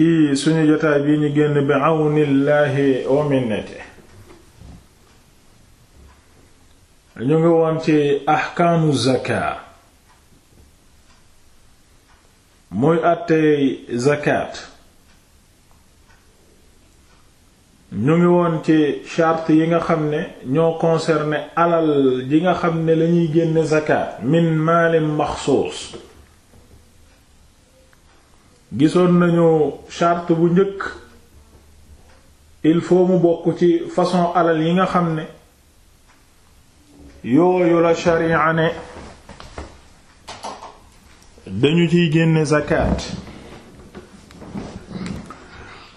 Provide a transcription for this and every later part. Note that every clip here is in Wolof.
ci suñu jotaay bi ñu génn bi àwnillaahi wa minnati ñu ngi woon ci ahkaamu zakaa muy àttey zakaat ñu ngi woon ci charte yi nga xam ne ñoo concerné alal ji nga xam ne lañuy génn zakaat min maalin maxsuus gisoon nañu chart bu njëkk il faut mu bokk ci façon alal yi nga xam ne yooyu la sharia ne dañu ciy génne zakat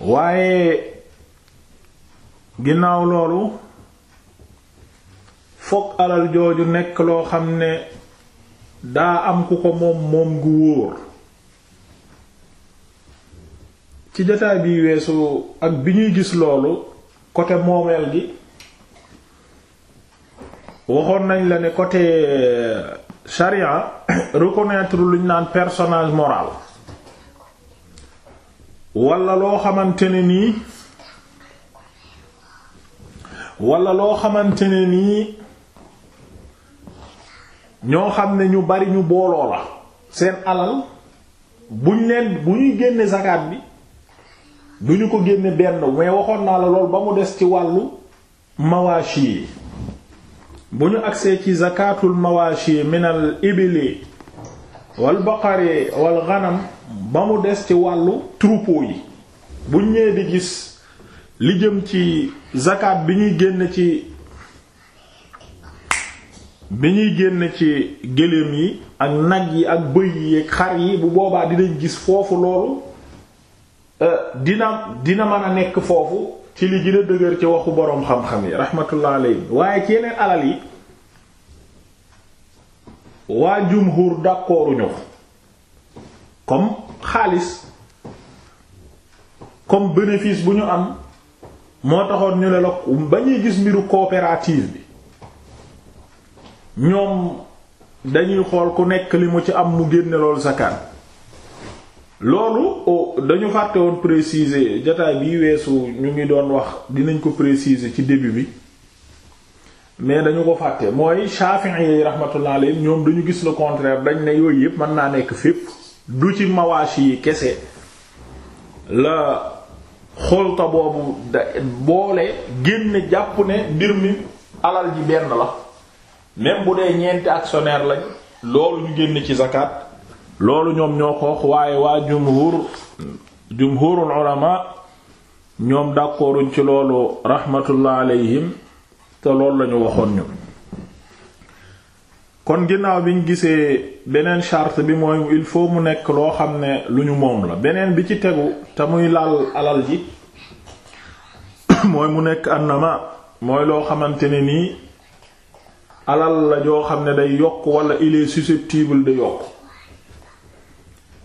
waaye ginnaaw loolu fokk alal jooju nekk loo xam ne daa am ku ko moom moom gu wóor ci jotaay bi weesu ak bi ñuy gis loolu côté moomeel gi waxoon nañ la ne côté charia euh, reconnaître luñ naan personnage moral walla loo xamante ne nii walla loo xamante ne nii ñoo xam ne ñu bari ñu booloo la seen alal buñ leen bu ñuy génne zakaat bi du ñu ko génne benn mais waxoon naa la lool ba mu des ci wàllu mawaashi bu ñu agsee ci zakaatul mawaashi minal ibili wal baqari wal ghanam ba mu des ci wàllu troupeau yi buñ ñëwee di gis li jëm ci zakat bi ñuy génn ci bi ñuy génn ci gëléem yi ak nag yi ak bëy yi ak xar yi bu boobaa dinañ gis foofu loolu Euh, dina dina mën a nekk foofu ci li gën a dëgër ci waxu boroom xam-xam yi rahmatullah alayhi waaye ci yeneen alal yi waa jumhur d'accorduñu comme xaalis comme bénéfice bu ñu am moo taxoon ñu ne la ba ñuy gis mbiru coopérative bi ñoom dañuy xool ku nekk li mu ci am mu génne loolu zakat loolu oh, dañu fàtte woon préciser jataay bi weesu ñu ngi doon wax dinañ ko préciser ci début bi mais dañu ko fàtte mooy Shafi'i yi rahmatullah alayhim ñoom dañu gis le contraire dañ ne yooyu yëpp mën naa nekk fépp du ci mawaashi yi kese la xolta boobu da boole génn jàpp ne mbir mi alal ji benn la même bu dee ñeenti actionnaire lañ loolu ñu génn ci zakat loolu ñoom ñoo ko waaye waa jumhur jumhurul ulama ñoom d'accorduñ ci loolu rahmatullah alayhim te loolu lañu waxoon ñu kon ginnaaw bi ñu gisee beneen charte bi mooy il faut mu nekk loo xam ne lu ñu moom la beneen bi ci tegu te muy laal alal ji mooy mu nekk annama mooy loo xamante ne nii alal la joo xam ne day yokk wala il est susceptible yokk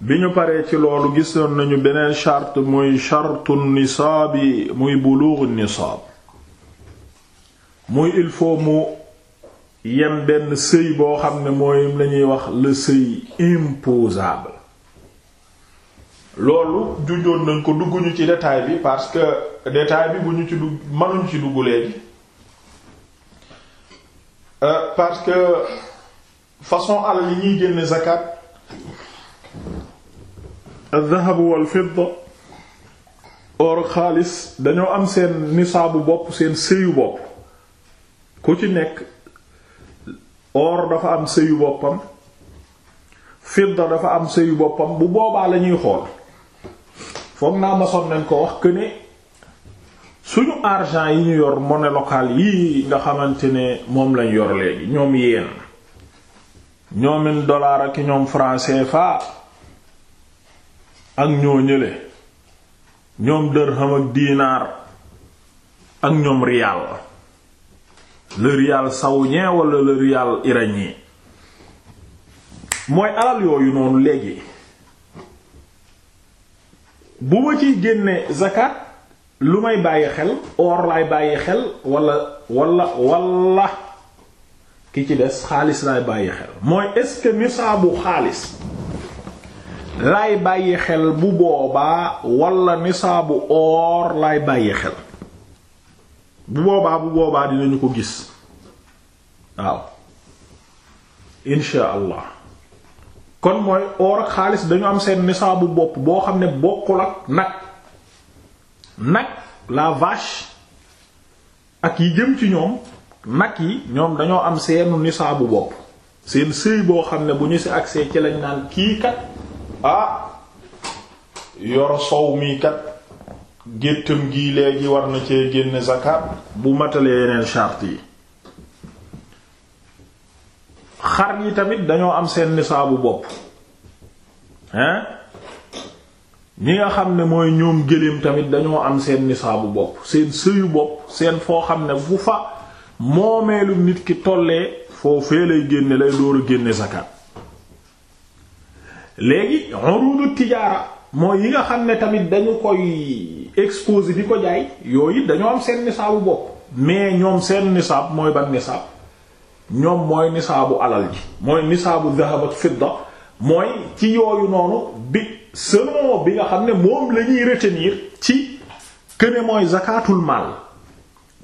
bi ñu paree ci loolu gisoon nañu beneen charte muy chartu nisaabi muy buluugu nisaab muy il faut mu yem benn seuil boo xam ne mooy lañuy wax le seuil imposable loolu junjoon nañ ko dugguñu ci détail bi parce que détail bi bu ñu ci dugg mënuñ ci dugg léegi euh, parce que façon alal yi ñuy génne zakat aldahabu walfidda or xaalis dañoo am seen nisaabu bopp seen sëyu bopp ku ci nekk or dafa am sëyu boppam fidda dafa am sëyu boppam bu boobaa la ñuy xool foog naa masoon nañ ko wax que suñu argent yi ñu yor monnaie locale yii nga xamante ne moom lañ yor léegi ñoom yéen ñoomin dollar ak ñoom franc CFA ak ñoo ñële ñoom dërham ak diinaar ak ñoom riyaal le riyaal saoudien wala le riyaal iranien mooy alal yooyu noonu léegi bu ma ciy génne zakat lu may bàyyi xel or laay bàyyi xel walla wala wala ki ci des xaalis laay bàyyi xel mooy est-ce que xaalis laay bàyyi xel bu boobaa wala nisaabu or laay bàyyi xel bu boobaa bu boobaa dinañu ko gis waaw insha allah kon mooy or ak xaalis dañu am seen nisaabu bopp boo xam ne bokkul ak nag nag la vache ak yi jëm ci ñoom nag yi ñoom dañoo am seenu nisaabu bopp seen sëy boo xam ne bu ñu si agsee ci lañ naan kii kat ah yor sow mi kat géttam gii léegi war na cee génne zakat bu matalee yeneen charte yi xar yi tamit dañoo am seen nisaabu bopp hein ñi nga xam ne mooy ñoom gëléem tamit dañoo am seen nisaabu bopp seen sëyu bopp seen foo xam ne fu fa moomeelu nit ki tollee foo fee lay génne lay dóor a génne zakat léegi urudu tijaara mooy yi nga xam ne tamit dañu koy exposé di ko jaay yooyu dañoo am seen nisaabu bopp mais ñoom seen nisaab mooy ban nisaab ñoom mooy nisaabu alal ji mooy nisaabu dhahab ak fidda mooy ci yooyu noonu bi selon bi nga xam ne moom la ñuy retenir ci këne mooy zakatul mal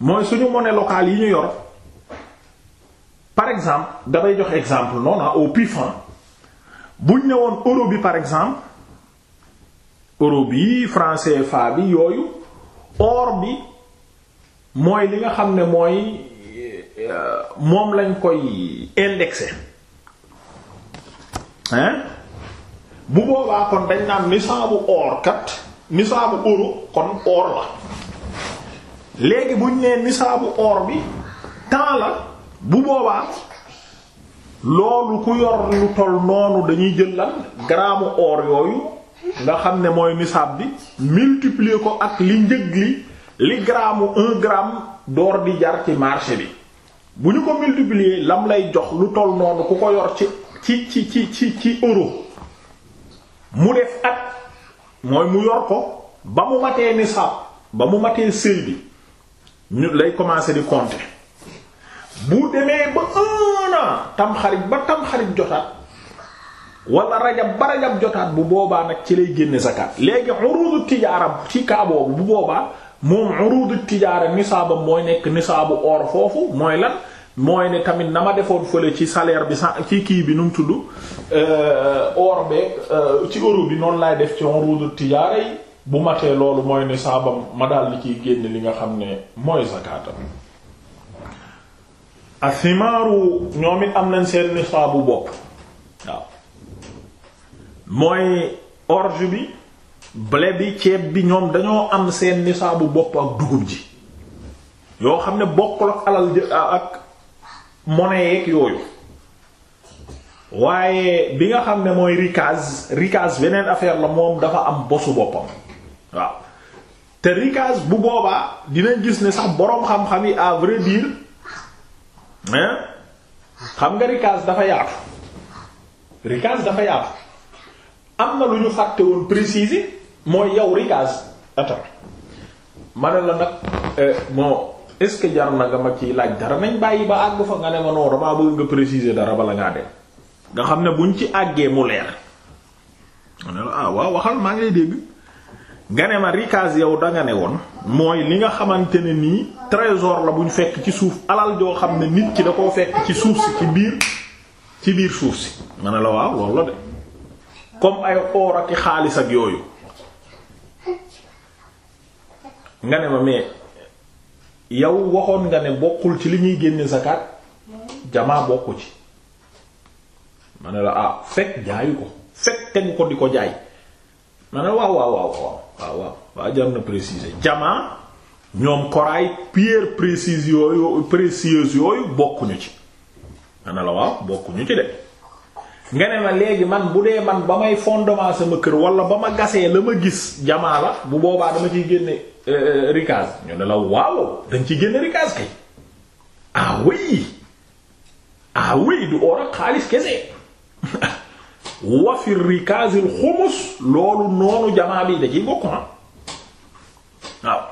mooy suñu monnaie locale yi ñu yor par exemple damay jox exemple noonu au pifan buñ ne woon euro bi par exemple euro bi franc CFA bi yooyu or bi mooy li nga xam ne mooy euh, moom lañ koy indexé hein bu boobaa kon dañ naan nisaabu or kat nisaabu euro kon or la léegi buñ nee nisaabu or bi temps la bu boobaa loolu ku yor lu toll noonu dañuy jël la gramme or yooyu nga xam ne mooy nisaab bi multiplier ko ak li njëg li li gramme un gramme d'or di jar ci marché bi bu ñu ko multiplier lam lay jox lu toll noonu ku ko yor ci ci ci ci ci ci euro mu def at mooy mu yor ko ba mu matee nisaab ba mu matee sëy bi ñu lay commencer di compter bu demee ba un an tamxarit ba tamxarit jotaat wala rajab ba rajab jotaat bu boobaa nag ci lay génne zakat léegi urudu tijaara ci kaa bu boobaa moom urudu tijaara nisaabam mooy nekk nisaabu or foofu mooy lan mooy ne tamit na ma defoon fële ci salaire bi sa ci kii bi nu mu tudd euh, or be euh, ci euro bi noonu laay def ci urudu tijaara yi bu matee loolu mooy nisaabam ma daal li ciy génn li nga xam ne mooy zakaatam athimaaru ñoom it am nañ seen nisaabu bopp waaw mooy orge bi blé bi ceeb bi ñoom dañoo am seen nisaabu bopp ak dugub ji yoo xam ne bokkul ak alal ak monnaie yeeg yooyu waaye bi nga xam ne mooy rikaz rikaz beneen affaire la moom dafa am bosu boppam waaw te rikaz bu boobaa dinañ gis ne sax boroom xam-xam yi à vrai dire Eh? xam nga rikaas dafa yaatu rikaas dafa yaatu am na lu ñu fàtte woon préciser mooy yow rikaas atar ma ne la nag eh, bon est-ce que jar na nga ma ciy laaj dara nañ bàyyi ba àgg fa nga ne ma non damaa bëgg nga préciser dara bala ngaa dem nga xam ne buñ ci àggee mu leer ma ne la ah waaw waxal maa ngi lay dégg nga ne ma rikaas yow danga ne woon mooy li nga xamante ne nii trésor la buñ fekk ci suuf alal joo xam ne nit ci da koo fekk ci suuf si ci biir ci biir suuf si ma ne la waaw loolu la de comme ay or ak xaalis ak yooyu nga ne ma mais yow waxoon nga ne bokkul ci li ñuy génne zakat jamaa bokku ci ma ne la ah fekk jaayu ko fekk tegu ko di ko jaay ma ne waaw waaw waaw waaw waaw waaw jar na préciser jamaa ñoom corail pierre précieuse yooyu précieuse yooyu bokkuñu ci ma ne la waaw bokkuñu ci de nga ne ma léegi man bu dee man ba may fondement sama kër wala ba ma gasee la ma gis jamaa la bu boobaa dama ciy génne euh, euh, ricaz ñu ne la waaw dañ ciy génne ricaz kay ah, ah oui du or ak xaalis kese wafir fi rikaazil xumus loolu noonu jamaa bi da ciy bokk na ah. waaw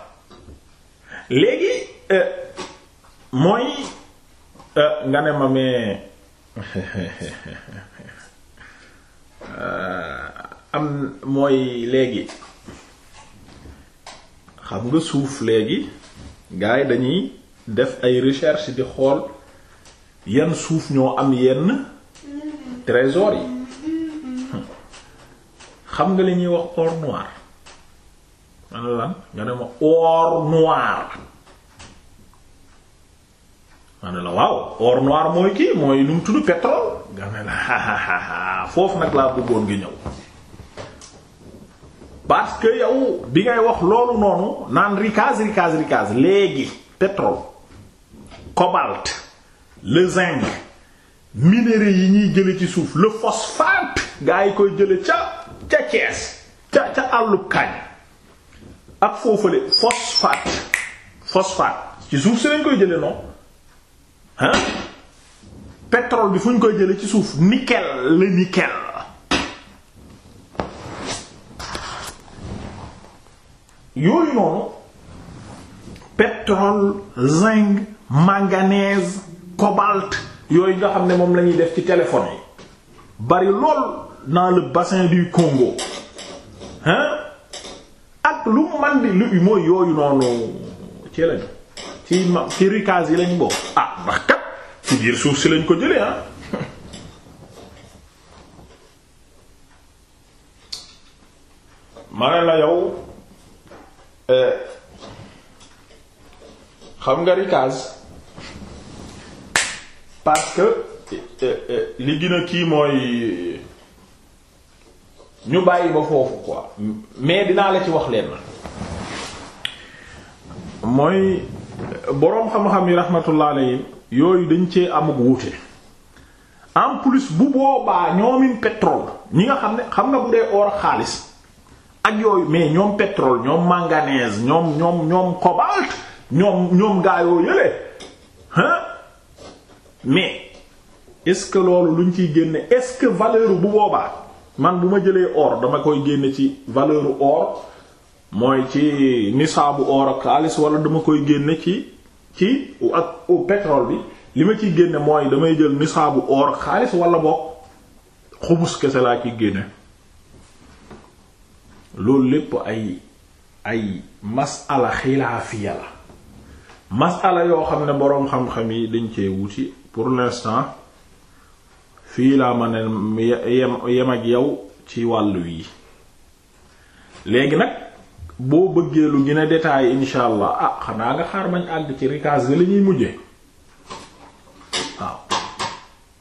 léegi euh, mooy euh, nga ne ma mais euh, am mooy léegi xam nga suuf léegi gars yi dañuy def ay recherche di xool yan suuf ñoo am yenn trésor yi xam nga lañuy ñuy wax or noir waaw or mooy kii mooy lu mu tudd pétrole foofu nag laa bëggoon nga ñëw parce que yow bi ngay wax loolu noonu naan ricaz ricaz ricaz léegi pétrole cobalt le zinc yi ñuy jële ci suuf le phosphate gaa yi koy jële ca ca Cees ca ca àllub kañ ak foofale phosphate phosphate ci suuf si lañ koy jële noonu hein pétrole bi fu ñu koy jële ci suuf nickel la nickel yooyu noonu pétrole zinc manganèse cobalt yooyu nga xam ne moom lañuy def ci téléphone yi bari lool naa le bassin du Congo hein ak lu man di lu mooy yooyu noonu ci lañ ci ma ci ricaz yi lañ bokk ah ndax kat ci biir suuf si lañ ko jëlee ah ma la yow eh, xam nga ricaz parce que eh, eh, li gën a kii mooy ñu bàyyi ba foofu quoi mais dinaa la ci wax leen na mooy boroom xam-xam yi rahmatullah alayhim yooyu dañ cee amuk wuute en plus bu boobaa ñoomin pétrole ñi nga xam ne xam nga bu dee a xaalis ak yooyu mais ñoom pétrole ñoom manganèse ñoom ñoom ñoom ñoom ñoom gaayoo yële hein mais est-ce que loolu luñ ciy génne est-ce que valeur bu boobaa man bu ma jëlee or dama koy génne ci valeur or mooy ci nisaabu or ak xaalis wala dama koy génne ci ci ak pétrole bi li ma ci génne mooy damay jël nisaabu or ak xaalis wala boog xumus kese laa ci génne loolu lépp ay ay masala xilaafiya la masala yoo xam ne boroom xam-xam yi dañ cee wuti pour l'instant fii laa mën a yem yem ak yow ci wàll wii léegi nag boo bëggee lu gën a détaillé allah ah xanaa nga xaar bañ àgg ci rikaas ga la ñuy mujje waaw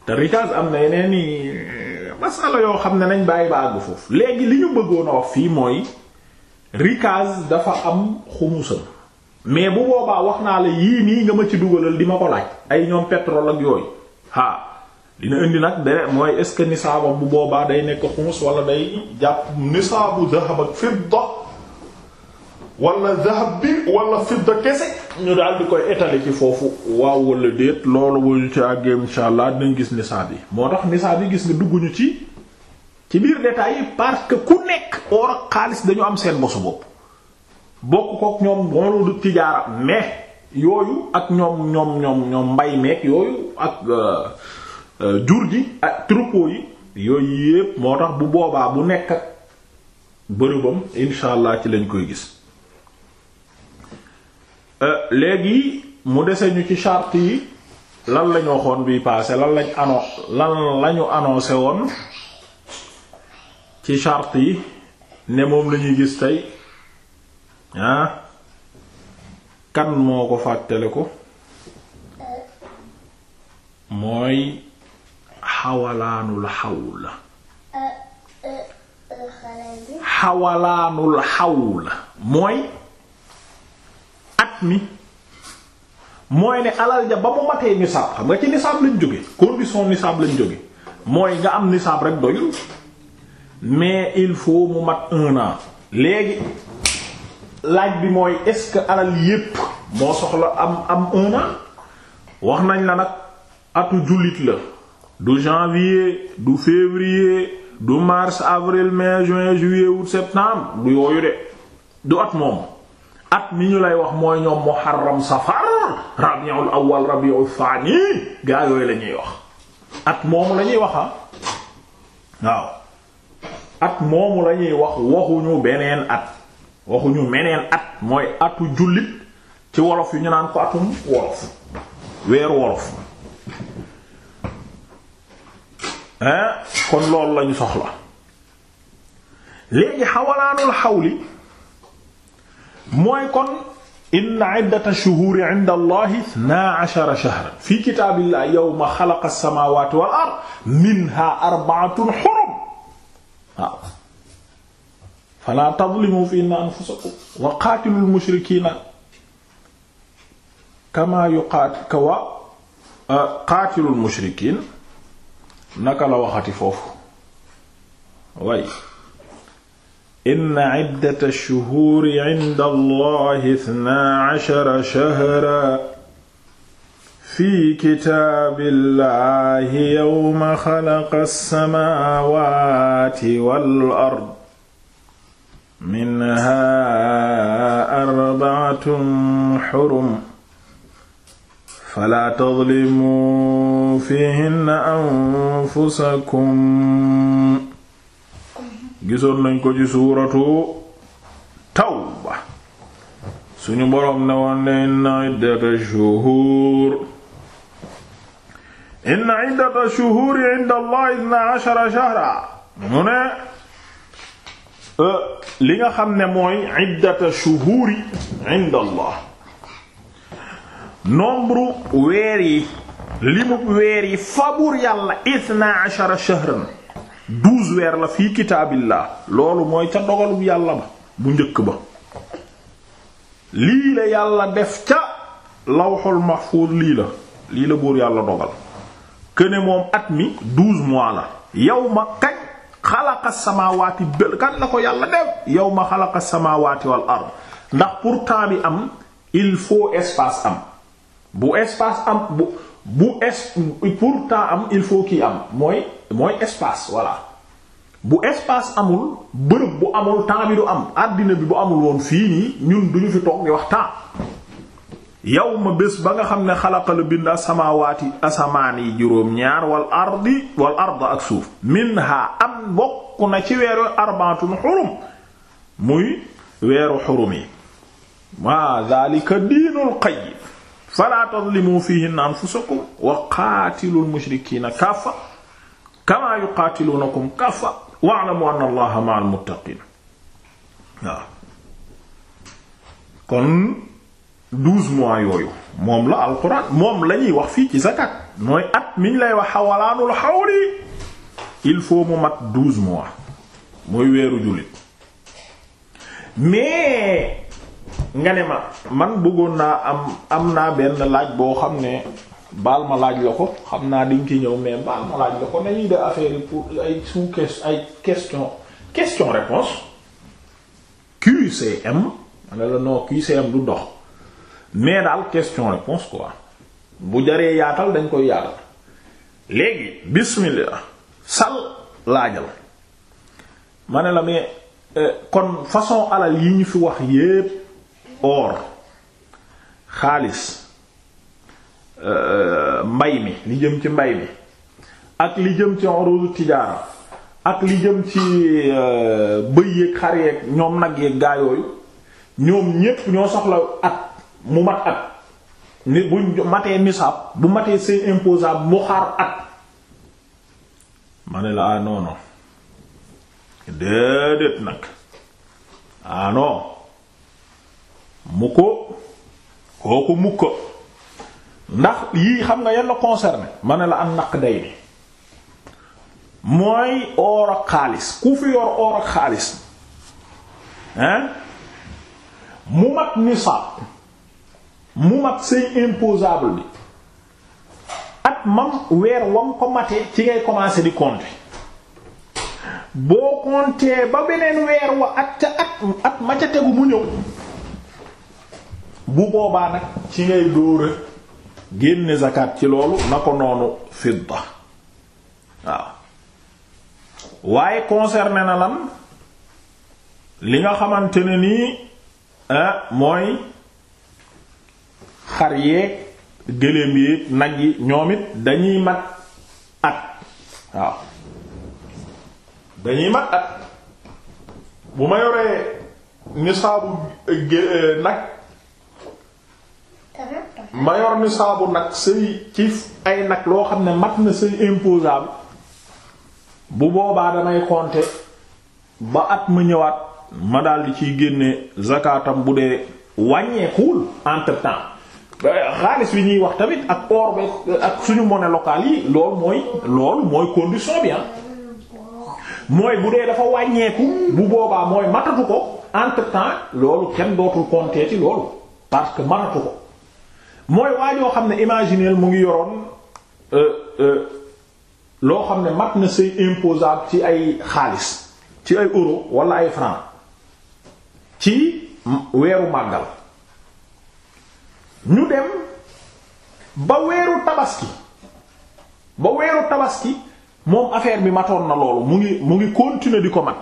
te rikaas am na yeneen i eh, masala yoo xam ne nañ bàyyi ba àgg foofu léegi li ñu bëggoon wax fii mooy rikaas dafa am xumusam mais bu boobaa wax naa la yii nii nga ma ci dugalal di ma ko laaj ay ñoom pétrole ak yooyu ah dina indi nag de mooy est-ce que nisaaba bu boobaa day nekk xumus wala day jàpp nisaabu dahab ak fidda wala dahab bi wala fidda kese ñu daal di koy étaler ci foofu waaw wala déet loolu bu ñu ci àggee insha allah dinañ gis nisaab yi moo tax nisaab yi gis nga dugguñu ci ci biir détails yi parce ku nekk or ak xaalis dañu am seen bosu bopp bokk kook ñoom moolu du tijaara mais yooyu ak ñoom ñoom ñoom ñoom mbay meek yooyu ak euh, Euh, jur ji ak troupeau yi yooyu yépp moo tax bu boobaa bu nekk ak bërëbam incha ci lañ koy gis euh, léegi mu dese ñu ci charte yi lan lañu waxoon bi passé lan lañ ano lañu annoncé woon ci charte yi ne moom lañuy gis tey ah kan moo ko fàttale ko mooy xawalaanul xawla xawalaanul xawla mooy at ni mooy ne alal ja ba mu matee nisaab xam nga ci nisaab lañ jóge condition nisaab lañ jóge mooy nga am nisaab rek doyul mais il faut mu mat un léegi laaj bi mooy est-ce que alal yépp moo soxla am am un wax nañ la nag atu jullit la du janvier du février du mars avril mai juin juillet août septembre du yooyu de du at moom at mi ñu lay wax mooy ñoom muharram safar rabiul awwal rabiul thani gaa yooyu la wax at moomu lañuy ñuy wax ah wax waxuñu beneen at waxuñu meneen at mooy atu jullit ci wolof yu ñu naan ko atum wolof weer wolof ah kon loolu lañu soxla léegi xawalaanul xawli mooy kon inna iddata shuhuuri inda allahi ithnaa ashara shahran fi kitaabillahi yawma xalaqa as-samaawaati wal ard minhaa arba'atun hurum waaw falaa tadlimuu fiihinna anfusakum wa qaatilul mushrikiina kamaa yuqaatilukum wa qaatilul mushrikiina naka la waxati foofu way inna ciddata shuhuuri cinda allahi ithnaa cashara shahra fi kitaabillahi yawma xalaqa samaawaati wal ard minhaa arbaatun xurum fala tadlimu fihinna anfusakum gisoon nañ ko ci suuratu tawba suñu boroom ne woon ne inna iddata shuhuur inna iddata shuhuur inda allah itna ashara shahra mu ne euh, li nga xam ne mooy iddata shuhuuri inda allah nombre weer yi limub weer yi fabur yàlla ithna ashara shahran douze weer la fii kitaabillah loolu mooy ca dogalub yàlla bu njëkk ba lii la yàlla def ca lawxul mahfuuz lii la lii la buur yàlla dogal këne moom at mi douze mois la yawma kañ xalaqa samaawaati bël kan la ko yàlla def yawma xalaqa samaawaati wal ard ndax pour temps bi am il faut espace am bu espace am bu bu am il faut kii am mooy mooy espace bu espace amul bërëb bu amul temps bi am àddina bi bu amul woon fii nii ñun duñu fi toog di wax temps yow bés ba nga xam ne xalaqa la bind asamawaati asamaan yi juróom-ñaar wal ardi ak suuf minha am bokk na ci weeru arbaatun xurum muy weeru xurum yi ma diinul qayyim fala tadlimu fihinna anfusakum wa qaatilul mushrikiina kaffa kama kafa kaffa wa'lamu anna allaha ma'al muttaqiin waaw kon douze mois yooyu moom la alquran moom la wax fii ci zakat mooy at mi ñu lay wax xawalaanul xawli il faut mu mat douze mois mooy weeru jullit mais nga ne ma man bëggoon naa am am naa benn laaj boo xam ne baal ma laaj la ko xam naa diñ ci ñëw mais baal ma laaj la ko nañuy def affaire yi pour ay sous ay question question réponse QCM ma ne la non QCM du dox mais daal question réponse quoi bu jaree yaatal dañ koy yaatal léegi bismillah sal laajal ma ne la mais eh, kon façon alal yi ñu fi wax yépp or xaalis euh, mbay mi li jëm ci mbay mi ak li jëm ci urul tijaara ak li jëm ci euh, bëy yeeg xar yeeg ñoom nag yeeg gaa yooyu ñoom ñépp ñoo soxla at mu mat at ni bu matee nisaab bu matee c'est imposable mu xaar at ma la ah non nag ah mu ko kooku muk ko ndax yii xam nga yàlla concerné ma ne la am naq day ni mooy or ak xaalis ku fi yor or ak xaalis hein mu mat nisaab mu mat say imposable bi at mam weer wam ko matee ci ngay commencer di compter boo compter ba beneen weer wa at ca at ma ca tegu mu ñëw bu boobaa nag ci ngay dóora génne zakat ci loolu na ko noonu fidda waaw waaye concerné na lan li nga xamante ne nii ah, mooy xar yeeg gëléem yeeg nag ñoom it dañuy mat at waaw dañuy mat at bu ma yoree nisaabu nag mayor yor ni saabu nag sëy ci ay nag loo xam ne mat na sëy imposable bu boobaa damay compter ba at ma ñëwaat ma daldi ci génne zakaatam bu dee wàññeekuwul entre temps xaalis bi ñuy wax tamit ak or be ak suñu monnaie locale yi loolu mooy loolu mooy condition bi ah. mooy bu dee dafa wàññeeku bu boobaa mooy matatu ko entre temps loolu kenn dootul compter ci loolu parce que matatu ko mooy waajoo xam ne imagineel mu ngi yoroon euh, euh, loo xam ne mat na say imposable ci ay xaalis ci ay euro wala ay franc ci weeru màggal ñu dem ba weeru tabaski ba weeru tabaski moom affaire bi matoon na loolu mu ngi mu ngi continuer di ko mat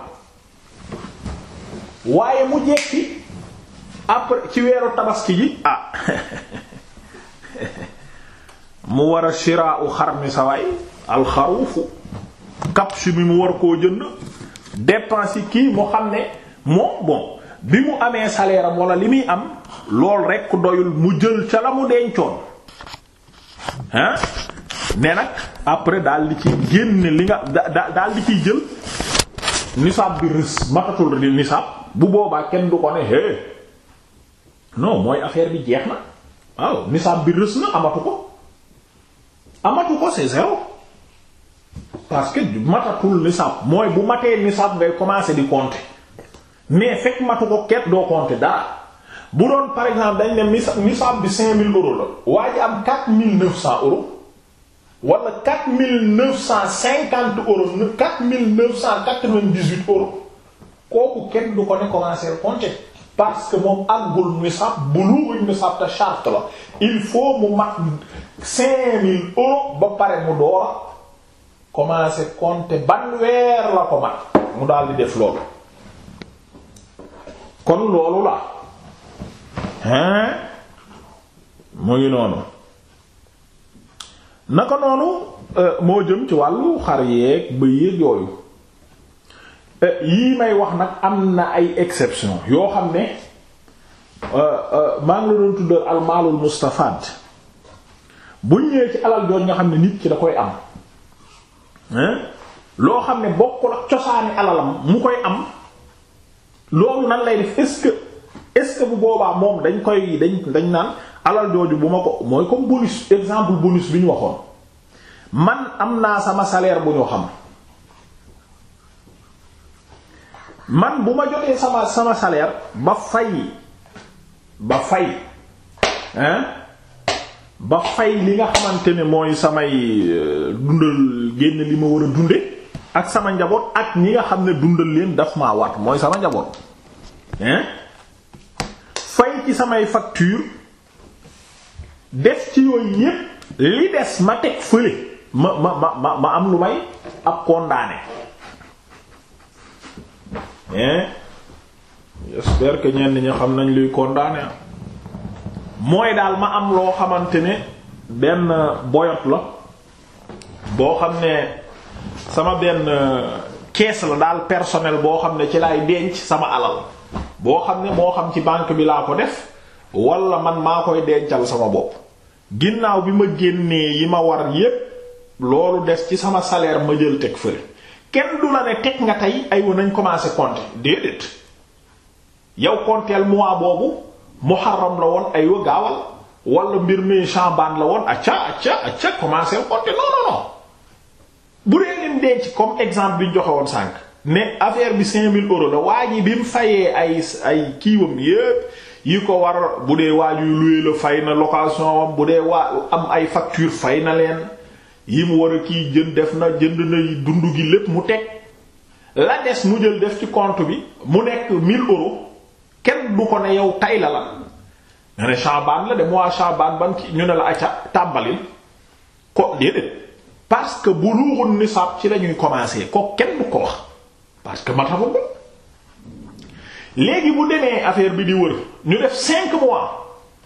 waaye mu jekki après ci weeru tabaski ji ah mu war a shiraau xar mi sawaay alxaruufu kapsu bi mu war koo jënd dépense yi kii mu xam ne moom bon bi mu amee salaire am wala li muy am lool rekk doyul mu jël ca la mu dencoon hein ne nag après daal di ci génn li nga daal di ciy jël nisaab bi rës matatul nisaab bu boobaa kenn du ko ne hé non mooy affaire bi jeex na waaw nisaab bi rës na amatu ko amatu ko c'est zéro parce que matatul nisab mooy bu matee nisab ngay commencer di compter mais fekk matu ko kenn doo compter dara bu doon par exemple dañ ne nisab bi 5000 euros la waa ji am 4900 euros wala 4950 euros 4998 euros kooku kenn du ko ne commencer compter. parce que moom àggul nisab bulughul nisab te charte la il faut mu mat cinq mille euros ba pare mu doora commencer compter ban weer la ko mat mu daal di def loolu kon loolu la hein mu ngi noonu naka noonu euh, moo jëm ci wàllu xar yeeg bëy yeeg yooyu Eh, yii may wax nag am na ay exception yoo xam ne euh, euh, maa ngi doon tuddal almaalul mustafad buñ ñëwee ci alal jooj nga xam ne nit ki da koy am loo xam ne bokkul ak cosaani alalam mu koy am loolu nan lay def est-ce bu boobaa moom dañ koy dañ dañ naan alal jooju bu ma ko mooy comme bonus exemple bonus bi ñu waxoon man am naa sama salaire bu ñu xam man bu ma jotee sama sama ba fay ba fay ba fay li nga xamante ne mooy samay euh, dundal génn li ma war a dunde ak sama njaboot ak ñi nga xam ne dundal leen daf maa wat mooy sama njaboot fay ci samay facture def ci yooyu yépp li des ma teg fële ma ma ma ma am lu may ab condamné mais j'espère que ñenn ñi xam nañ luy condamné mooy daal ma am loo xamante ne benn boyot la boo xam ne sama benn kees la daal personnel boo xam ne ci laay denc sama alal boo xam ne moo xam ci banque bi laa ko def walla man maa koy dencal sama bopp ginnaaw bi ma génnee yi ma war yépp loolu des ci sama salaire ma jël teg fële kenn du la ne teg nga tey ay aywa nañ commencé compter déedéet yow konteel mois boobu muharram la woon ay gaawal wala mbir mi chamban la woon acca acca acca commencé compter non non bu dee leen denc comme exemple bi ñu joxe woon sànq ne affaire bi 5000 euros la waa ji bi mu fayee ay ay kiiwam yépp yi ko war bu dee waa ji la fay na location am bu dee waa am ay facture fay na leen. yi mu war a kii jën def na jënd na dund gi lépp mu teg la des mu jël def ci compte bi mu nekk 1000 euros kenn du ko ne yow tay la la nga ne Chaban la de mois Chaban ban ki ñu ne la acca tàmbalil ko déedéet parce que bu luuxul nisaab ci la ñuy commencer ko kenn du ko wax parce que ma taxul léegi bu demee affaire bi di wër ñu def 5 mois.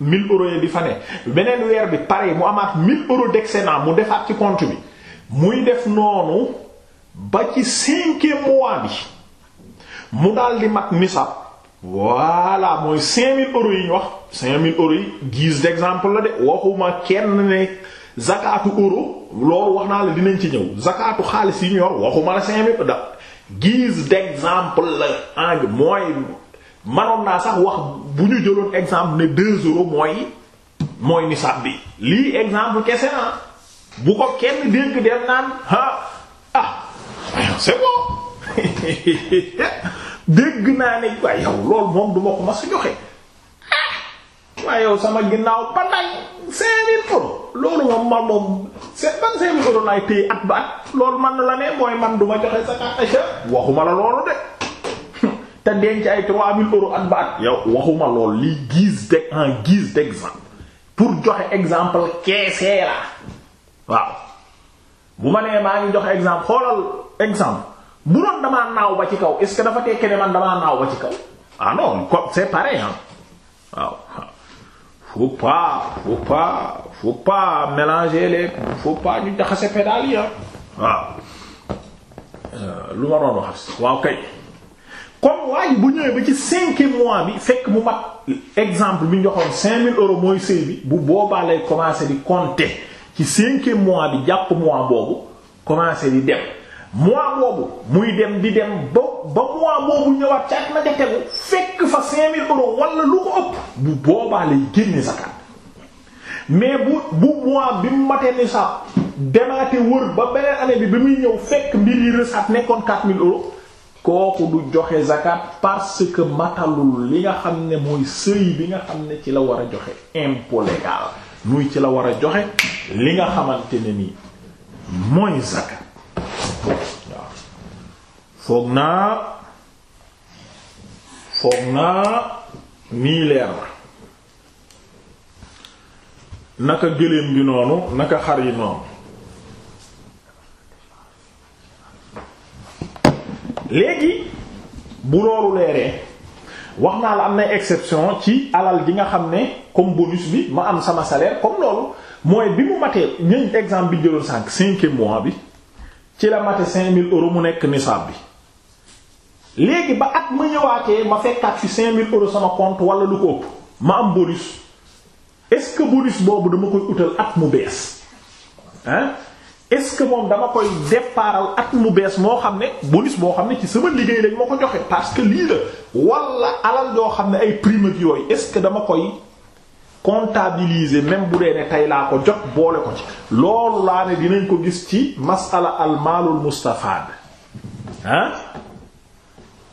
mille euros yi di fa beneen weer bi pare mu amaat 1000 euros d'excédent mu defaat ci compte bi muy def noonu ba ci cinquième mois bi mu daal di mat nisab voilà mooy 5000 euros yi ñu wax 5000 euros yi guise d'exemple la de waxuma kenn ne zakaatu euro loolu wax naa la dinañ ci ñëw zakaatu xaalis yi ñu yor waxuma la 5000 da guise d'exemple la mooy. manoon naa sax wax bu ñu jëloon exemple ne deux euros mooy mooy nisaab bi lii exemple kese na bu ko kenn dégg dem naan ah ah c'est dégg naa ne waaye yow loolu moom du ko ma su joxe ah, waaye yow sama ginnaaw ba nag cinq mille euros loolu ma moom c'est ban cinq mille euros laay téye at ba at loolu man la ne mooy man du joxe sa carte waxuma la loolu de te denc ay 3000 euros at ba at yow waxuma lool li guise de en guise d'exemple pour joxe exemple keesee la waaw bu ma nee maa ngi joxe exemple xoolal exemple bu doon damaa naaw ba ci kaw est-ce que dafa tekke ne man damaa naaw ba ci kaw ah non comme c'est pareil ah waaw lu ma doon wax waaw kay kon waaye bu ñëwee ba ci cinquième mois bi fekk mu mat exemple bi ñu joxoon cinq mooy sëy bi bu boobaa lay commencer di compter ci cinquième mois bi jàpp mois boobu commencer di dem mois boobu muy dem di dem ba ba mois boobu ñëwaat ca at ma tegu fekk fa cinq mille euros lu ko ëpp bu boobaa lay génne zakat mais bu bu mois bi mu matee sa demaate wër ba beneen année bi bi muy ñëw fekk mbir yi resaat nekkoon quatre mille euros kooku du joxe zakat parce que matalul li nga xam ne mooy sëy bi nga xam ne ci la war a joxe impôt muy ci la war a joxe li nga xamante ne nii mooy zakat foog naa foog naa nii leer na naka gëléem gi noonu naka xar yi noonu léegi bu loolu leeree wax naa la am na exception ci alal ji nga xam ne comme bonus bi ma am sama salaire comme loolu mooy bi mu matee ñun exemple bi jëloon sànq cinquième mois bi ci la mate cinq mille mu nekk nisaab bi léegi ba at ma ñëwaatee ma fekkaat fi cinq mille euros sama compte wala lu ko ëpp ma am bonus est-ce que bonus boobu dama koy utal at mu bees est-ce que moom dama koy départal at mu bees moo xam ne bonus boo xam ne ci sama liggéey lañ ma ko joxe parce que lii la wala alal yoo xam ne ay prime ak yooyu ce que dama koy comptabiliser même bu dee ne tey laa ko jot boole ko ci loolu laa ne dinañ ko gis ci masala al maalul mustafad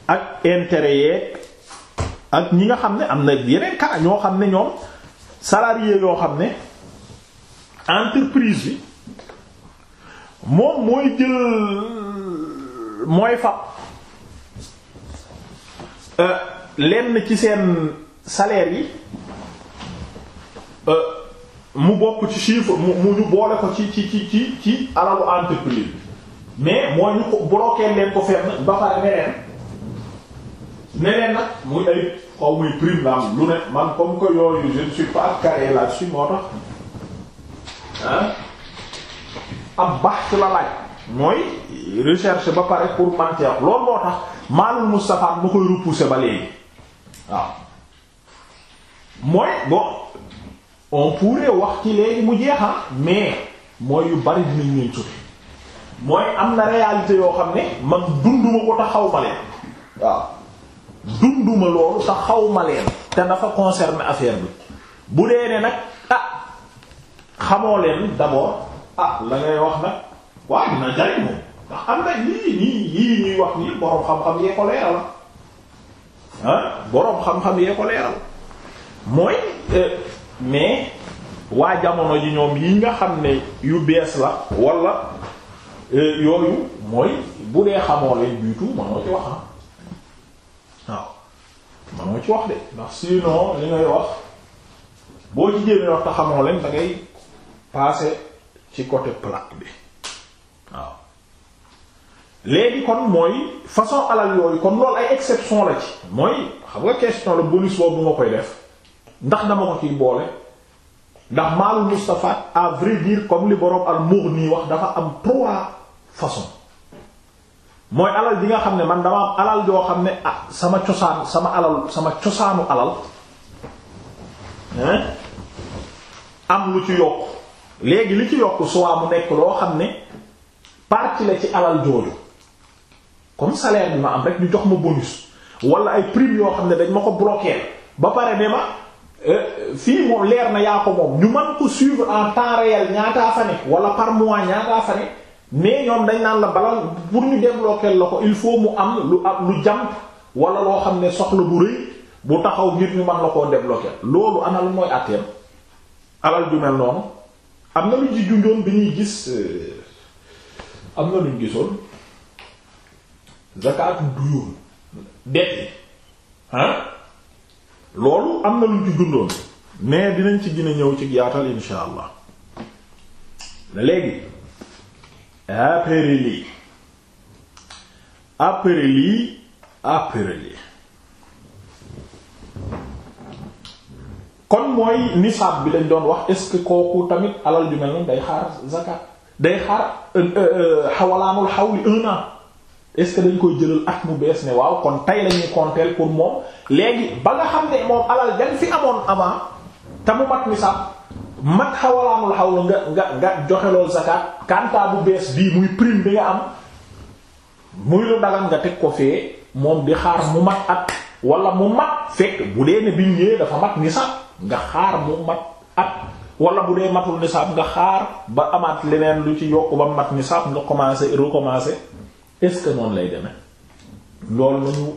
ak intérêt yeeg ak ñi nga xam ne am na yeneen cas ñoo xam ne ñoom salarié yoo xam ne entreprise bi moom mooy jël mooy fab euh, lenn ci seen salaire yi euh, mu bokk ci chiffre mu ñu boole ko ci ci ci ci ci alalu entreprise mais mooy ñu ko bloqué leen ko fenn ba pare neneen neneen nag mu ay xaw muy prime la am lu ne man comme que yooyu je ne suis pas carré là-dessus moo tax ah ab baxs la laaj mooy recherche ba pare pour man ci wax loolu moo tax maalul Moustapha mu koy repousser ba léegi waaw mooy bon on pourrait wax ci léegi mu jeexam ah, mais mooy yu bari dinañ leen mooy am na réalité yoo xam ne man dunduma ko te xaw ma leen waaw dunduma loolu te xaw ma leen te dafa concerner affaire bi bu dee ne nag ah xamoo leen d'abord ah la ngay wax nag waaw dina jariñ moom ndax am na yii nii yii ñuy wax nii boroom xam-xam yee ko leeral ah boroom xam-xam yee ko leeral mooy euh, mais waa jamono ji ñoom yi nga xam ne yu bees la wala euh, yooyu mooy bu dee xamoo lay biitu mënoo ci wax ah waaw mënoo ci wax de ndax sinon li ngay wax boo ci jéemee wax te xamoo leen da ngay ci côté plaque bi waaw léegi kon mooy façon alal yooyu kon loolu ay exception la ci mooy xam nga question la bonus boobu ma koy def ndax dama ko ciy boole ndax maalul Moustapha à vrai dire comme li boroom al-Mughni wax dafa am trois façons mooy alal ji nga xam ne man dama am alal joo xam ne ah sama cosaan sama alal sama cosaanu alal hein am lu ci yokk léegi li ci yokk soit mu nekk loo xam ne partie la ci alal jooju comme salaire bi ma am rek ñu jox ma bonus wala ay prime yoo xam ne dañ ma ko bloquer ba pare ne ma euh, fii moom leer na yaa ko moom ñu mën ko suivre en temps réel ñaataa fa ne wala par mois ñaataa fa ne mais ñoom dañ naan la balal pour ñu débloquer la ko il faut mu am lu am lu jàmp wala loo xam ne soxla bu rëy bu taxaw ngir ñu mën la koo débloquer loolu anal mooy àtteem alal ju mel noonu. am na luñ ci junjoon bi ñuy gis euh, am na luñ gisoon zakaatu duyóon dette ah loolu am na lu ci junjoon mais dinañ ci gina ñëw ci yaatal insha allah léegi après lii après lii après lii kon mooy nisaab bi lañ doon wax est-ce kooku tamit alal ju mel noonu day xaar zakat day xaar euh, euh, xawalaanul xawli un an est-ce que dañ koy jëlal at mu bees ne waaw kon tey lañuy compter pour moom léegi ba nga xam ne moom alal dañ fi amoon avant te mu mat nisaab mat xawalaanul xawli nga nga nga joxe loolu zakat kanta bu bees bii muy prime bi nga am muy lu nga teg ko fee moom di xaar mu mat at wala mu mat fekk bu dee ne biñ ñëwee dafa mat nisaab nga xaar mu mat at wala bu dee matul nisaab nga xaar ba amaat leneen lu ci yokk ba mat nisaab nga commencer recommencer est-ce que noonu lay demee loolu la ñu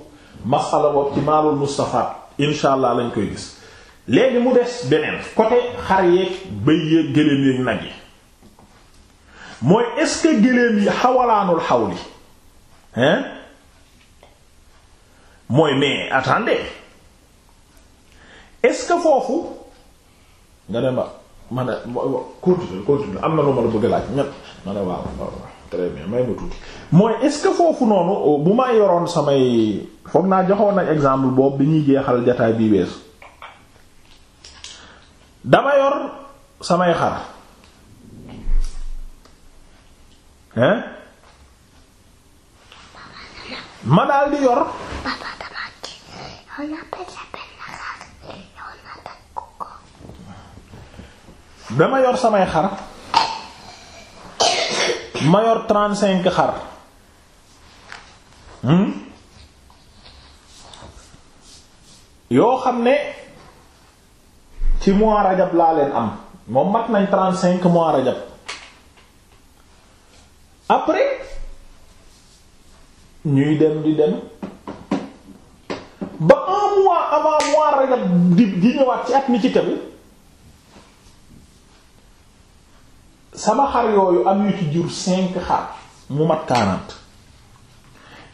masala boobu ci maalul mustafaat insha allah lañ koy gis léegi mu des beneen côté xar yeeg bëy yeeg gëléem yeeg nag yi mooy est-ce que yi xawalaanul xawli hein mooy mais attendez est-ce foofu nga ne ma ma ne continue continue am na lu ma la bëgg laaj ñett may ma tuuti mooy est foofu noonu bu ma yoroon samay foog naa joxoon nag exemple boobu bi ñuy jeexal jataay bii weesu dama yor samay xar ma daal di yor dama yor samay xar mayor yor trente-cinq xar hmm? yoo xam ne ci mois rajab laa leen am moom mat nañ trente-cinq mois rajab après ñuy dem di dem ba un mois avant mois rajab di di ñëwaat ci at mi ci tegu sama xar yooyu am yu ci jur cinq xar mu mat quarante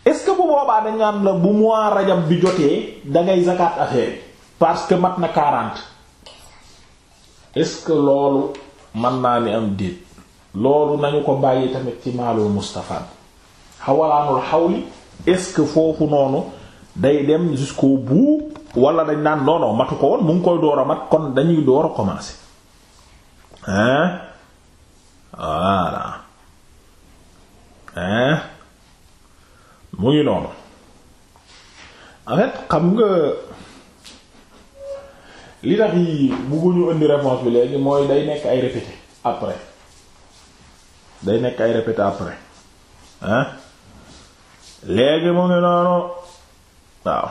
est-ce que bu boobaa dañ naan la bu mois rajab bi jotee dangay zakat affaire parce que mat na quarante est-ce que loolu man naa ni am déet loolu nañu ko bàyyi tamit ci maalul mustafaan xawalaanul xawli est-ce que foofu noonu day dem jusqu'au bout wala dañ naan non matu ko woon mu ngi koy door a mat kon dañuy door a commencer voilà hein mu ngi noonu en fait xam nga li tax yi bugguñu indi réponse bi léegi mooy day nekk ay répété après day nekk ay répété après hein léegi mu ngi noonu waaw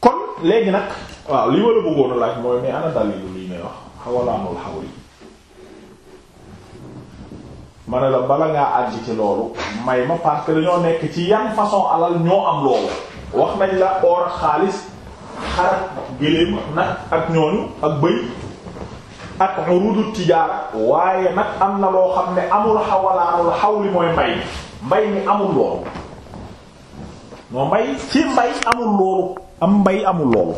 kon léegi nag waaw li war a bëggoon laaj mooy mais ana dalil xawalaanul xawli ma ne la bala ngaa àgg ci loolu may ma parce que nekk ci yan façon alal ñoo am loolu wax nañ la or xaalis xar géléem nag ak ñooñu ak bëy ak urudu tijaara waaye nag am na loo xam ne amul xawalaanul xawli mooy mbay mbay mi amul loolu noo mbay ci mbay amul loolu am mbay amul loolu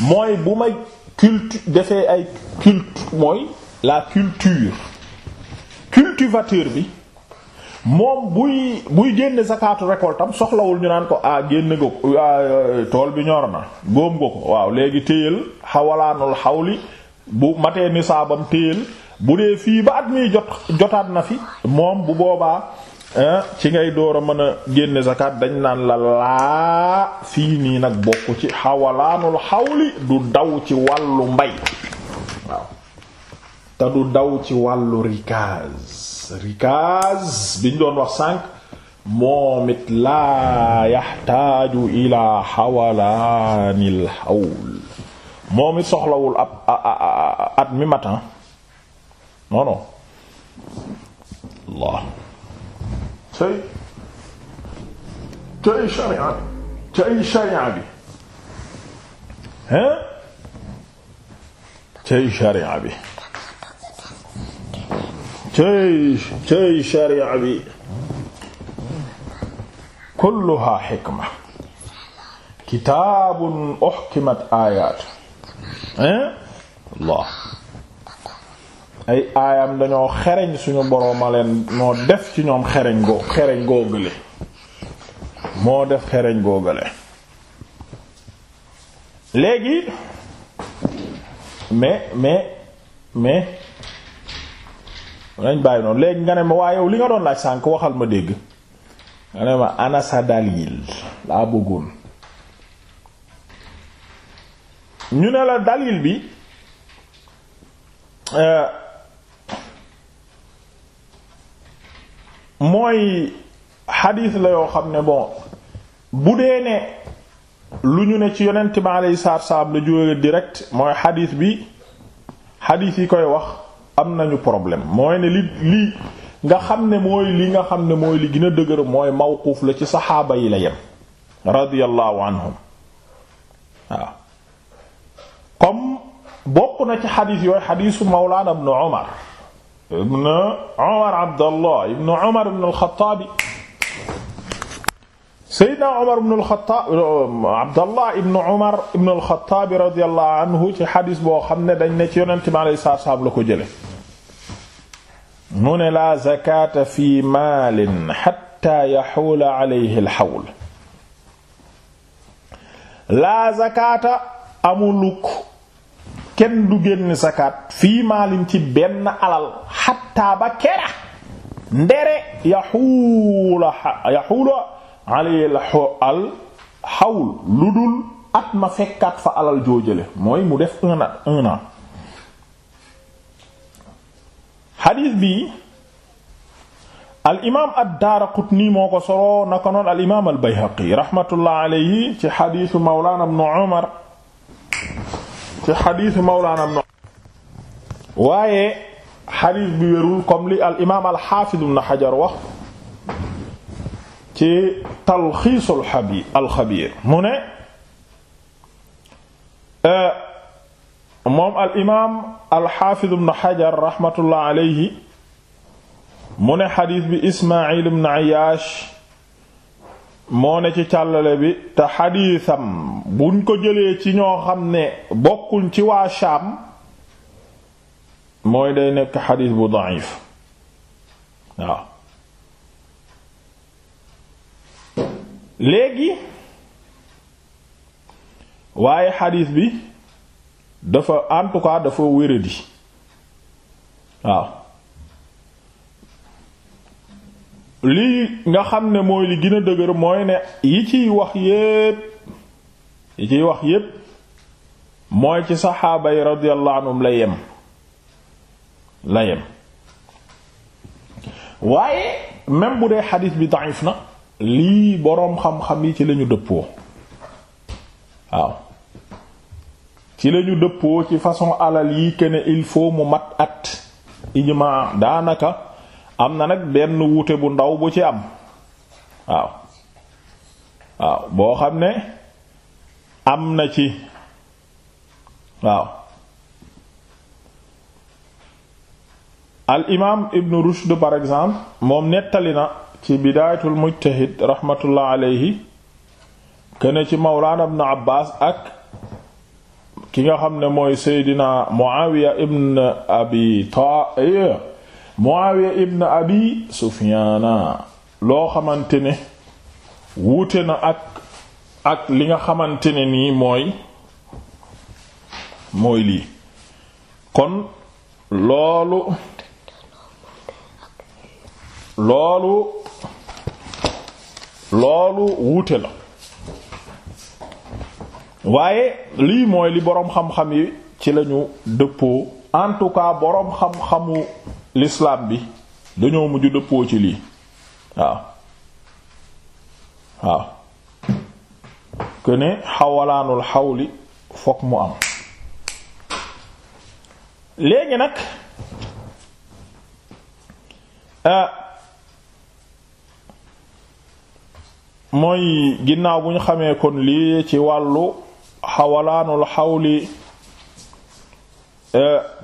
mooy bu may cultu defee ay culte mooy la culture cultivateur bi moom buy buy génn zakaatu récolte am soxlawul ñu naan ko ah génne nga ah, euh, tool bi ñor na góom nga waaw léegi téyal xawalaanul xawli bu matee nisaabam téyal bu dee fii ba at mi jot jotaat na fi moom bu boobaa Eh, ci ngay door a mën a génne zakat dañ naan la fii nii nag bokk ci xawalaanul xawli du daw ci wàllu mbay te du daw ci wàllu rikaaz rikaaz biñ doon wax sànq moom it laa yaxtaaju ilaa xawalaanil xawl moom it soxlawul ab at mi matin non non cay cay sharia cay sharia bi hein cay sharia bi cay cay sharia bi kulluha xikma kitaabun uhkimat aayaatu hein Allah ay aayam dañoo xereñ suñu borooma leen moo def ci ñoom xereñ goo xereñ googale moo def xereñ googale léegi mais mais mais nañ bàyyi noonu léegi nga ne ma waa yow li nga doon laaj sànk waxal ma dégg nga ne ma anasa dalil laa bëggoon ñu ne la dalil bi euh, mooy xadiis la yoo xam ne boo bu dee ne lu ñu ne ci yonent bi alayhi salaatu salaam la jóge direct mooy xadiis bi xadiis yi koy wax am nañu problème mooy ne li li nga xam ne mooy li nga xam ne mooy li gën a dëgër mooy mawquuf la ci saxaaba yi la yem radiyallahu anhum waaw comme bokk na ci xadiis yooyu xadiisu mawlaana ibnu Umar ibn Umar Abdallah ibn Umar ibn al-Khattab Seydina Umar ibn al-Khattab Abdallah ibn Umar ibn al-Khattab radiyallahu anhu ci xadis boo xam ne dañ ne ci yonent mi alayhi salaatu salaam la ko jële mu ne laa zakaata fi maalin hatta yaxuula alayhi al-hawl laa zakaata amuluk kenn du génn zakat fii maalin ci benn alal xatta ba kera ndere yaxuula yaxuula aleyl al xawl lu dul at ma fekkaat fa alal joojale mooy mu def un at bi al imaam ad-Daaraqutni moo ko soloo na ko noon al imaam al Bayhaqi rahmatullah ci xadiisu mawlaana ibnu Umar ci xadiis mawlaana ibn waaye xadiis bi wérul comme li al imaam al xaafis ibn xajar wax ci talxiisul xabi alxabiir mu ne eh, moom al imaam al xaafis ibn xajar raxmatullah aleyhi mu ne xadiis bi ismaayil ibn ayaash moo ne ci càllale bi te xadiisam buñ ko jëlee ci ñoo xam ne bokkuñ ci waa mooy day nekk xadiis bu da'if waaw léegi waaye xadiis bi dafa en tout cas dafa wéradi waaw lii nga xam ne mooy li gën dëgër mooy ne yi ciy wax yépp yi ciy wax yépp mooy ci saxaaba yi radiyallahu anhum la yem la yem waaye même bu dee xadiis bi da'if na lii boroom xam-xam yi ci lañu dëppoo waaw ci lañu dëppoo ci façon alal yi que ne il faut mu mat at ijmaa daanaka am na nag benn wuute bu ndaw bu ci am waaw waaw boo xam ne am na ci waaw al imaam ibnu rushd par exemple moom nettali na ci bidaayatul mujtahid rahmatullah alayhi kene ci mawlaana ibnu abbaas ak ki nga xam ne mooy seydina muawiya ibn abi taa Muawiya ibn Abi Sufyaana loo xamante ne wuute na ak ak li nga xamante ne nii mooy mooy lii kon loolu loolu loolu wuute la waaye lii mooy li boroom xam-xam yi ci lañu dëppoo en tout boroom xam-xamu l'islam bi dañoo mujj dëppoo ci lii waaw waaw que xawalaanul xawli fokk mu am léegi nag euh, mooy ginnaaw bu ñu xamee kon lii ci wàllu xawalaanul xawli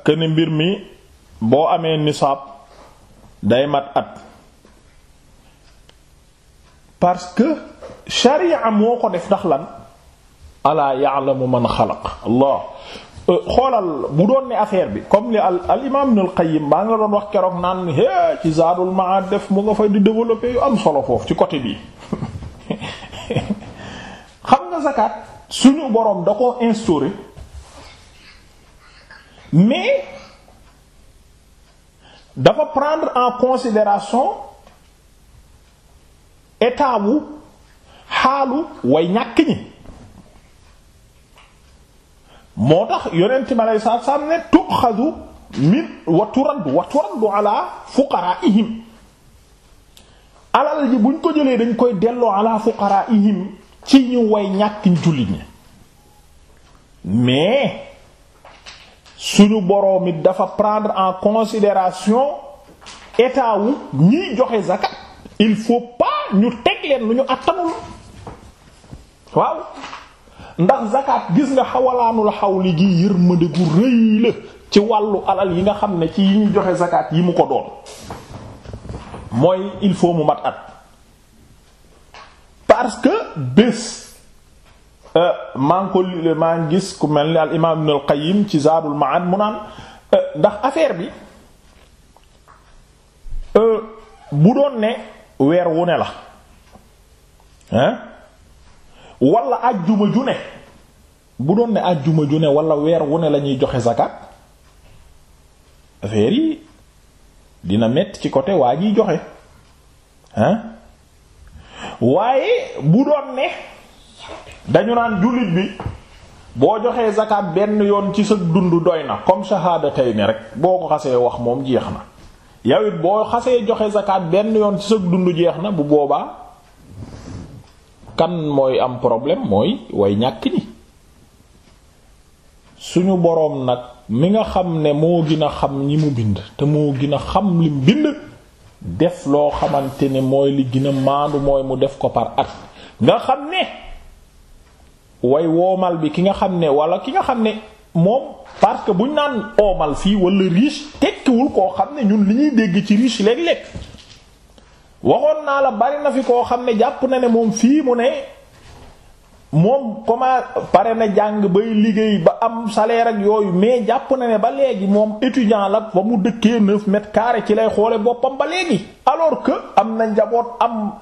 que euh, ne mbir mi boo amee nisaab day mat at parce que sharia moo ko def ndax lan alaa ya'lamu man xalaq allah euh, xoolal bu doon ne affaire bi comme li al al imaam Ibnul Qayyim baa nga doon wax keroog naan hee ci Zaadul Ma'aad def mu nga fay di développer yu am solo foofu ci côté bi xam nga zakat suñu boroom da ko instaurer mais dafa prendre en considération état wu xaalu way ñàkk ñi moo tax yonent mi aleyhi salaatu salaam ne tuxadu min wa turaddu wa turaddu ala fuqaraa'ihim alal ji buñ ko jëlee dañ koy delloo ala fuqaraa'ihim ci ñu way ñàkk jullit ñi mais suñu boroom dafa prendre en considération état wu ñiy joxe zakat il faut pas ñu teg leen lu ñu attanul waaw ndax zakat gis nga xawalaanul xawli gi yërmande gu ci wàllu alal yi nga xam ne ci yi ñu joxe zakat yi mu ko doon mooy il faut mu mat at parce que bés Euh, maa ngi ko li maa gis ku mel ni al imaam ibn al qayyim ci zaadul ma'ad mu naan euh, ndax affaire bi euh, bu doon ne weer wune la hein wala ajjuma ju ne bu doon ne ajjuma ju ne wala weer wune lañuy la ñuy joxe zakat yi dina metti ci côté waa jiy joxe hein waaye bu doon ne dañu naan jullit bi boo joxee zakat benn yoon ci sa dundu doy na comme shahada tey ne rek boo ko xasee wax moom jeex na yow boo xasee joxe zakat benn yoon ci sa dund jeex na bu boobaa kan mooy am problème mooy way ñàkk ñi suñu boroom nag mi nga xam ne moo gën a xam ñi mu bind te moo gën a xam lim bind def loo xamante ne mooy li gën maandu mooy mu def ko par at nga xam ne way woomal bi ki nga xam ne wala ki nga xam ne moom parce que buñ naan oomal fii wala riche tekkiwul koo xam ne ñun li ñuy dégg ci riche léeg lekk waxoon naa la bari na fi koo xam ne jàpp na ne moom fii mu ne moom comment pare na jàng bay liggéey ba am salaire ak yooyu mais jàpp na ne ba léegi moom étudiant lag ba mu dëkkee neuf mètres carrés ci lay xoole boppam ba léegi alors que am na njaboot am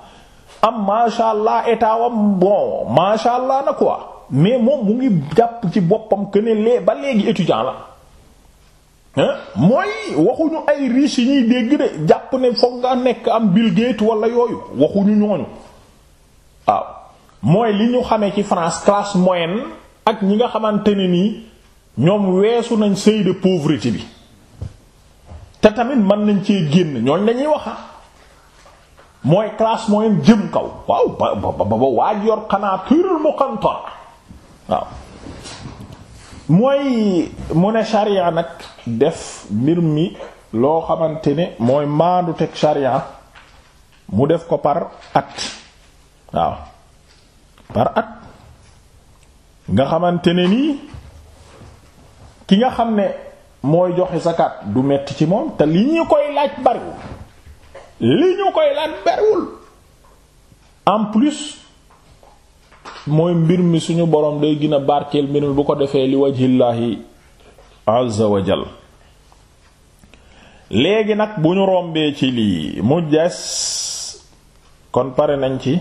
am masha allah état wam bon masha allah na quoi mais moom mu ngi jàpp ci boppam que ne lee ba léegi étudiant la mooy waxuñu ay riches yi ñuy dégg de jàpp ne foog nga nekk am Bill Gates wala yooyu waxuñu ñooñu waaw mooy li ñu xamee ci France classe moyenne ak ñi nga xamante ne nii ñoom weesu nañ seuil de pauvreté bi te tamit mën nañ ci génn ñooñ lañuy waxa ah. mooy classe moyenne jëm kaw waaw ba ba ba waaj yor qanaatirul muqantara waaw mooy mu ne sharia nag def mbir mi loo xamante ne mooy maandu teg sharia mu def ko par at waaw par at nga xamante ne nii ki nga xam ne mooy joxe zakat du metti ci moom te li ñu koy laaj bariwul li ñu koy laaj bariwul en plus mooy mbir mi suñu borom day gën a barkeel mbir mi bu ko defee li wajhillaahi azza wa jal léegi nag bu ñu rombee ci lii mu des kon pare nañ ci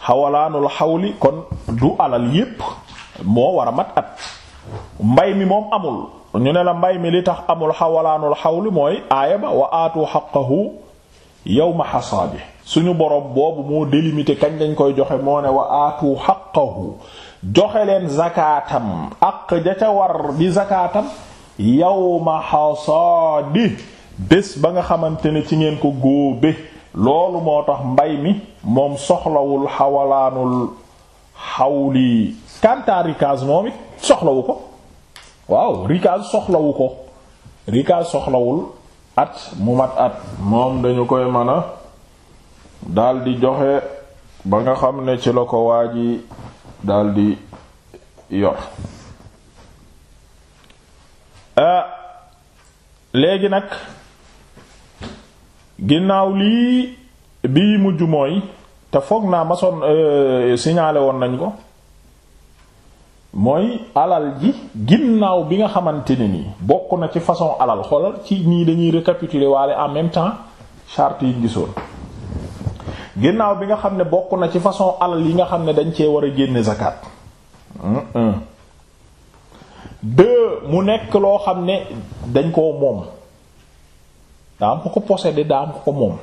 xawalaanul xawli kon du alal yépp moo war a mat at mbay mi moom amul ñu ne la mbay mi li tax amul xawalaanul xawli mooy aaya ba wa aatu xaqahu yawma bi suñu borom boobu moo délimité kañ lañ koy joxe moo ne wa aatu xaqahu joxe leen zakaatam ak ja ca war di zakaatam yawma xasaadi bés ba nga xamante ne ci ngeen ko góobe loolu moo tax mbay mi moom soxlawul xawalaanul xawli kantaarikaas moom it soxlawu ko waaw rikaas soxlawu ko rikaas soxlawul at mu mat at moom dañu koy mën a daldi joxe ba nga xam ne ci la ko waa ji daldi yor léegi nag ginnaaw lii bii mujj mooy te foog naa masoon euh, signalé woon nañ ko mooy alal ji ginnaaw bi nga xamante ne nii bokk na ci façon alal xoolal ci ñii dañuy récapituler waale en même temps charte yi gisoon ginnaaw bi nga xam ne bokk na ci façon alal yi nga xam ne dañ cee war a génne zakat deux mu nekk loo xam ne dañ koo moom daa am ko ko posséder daa am ko ko moom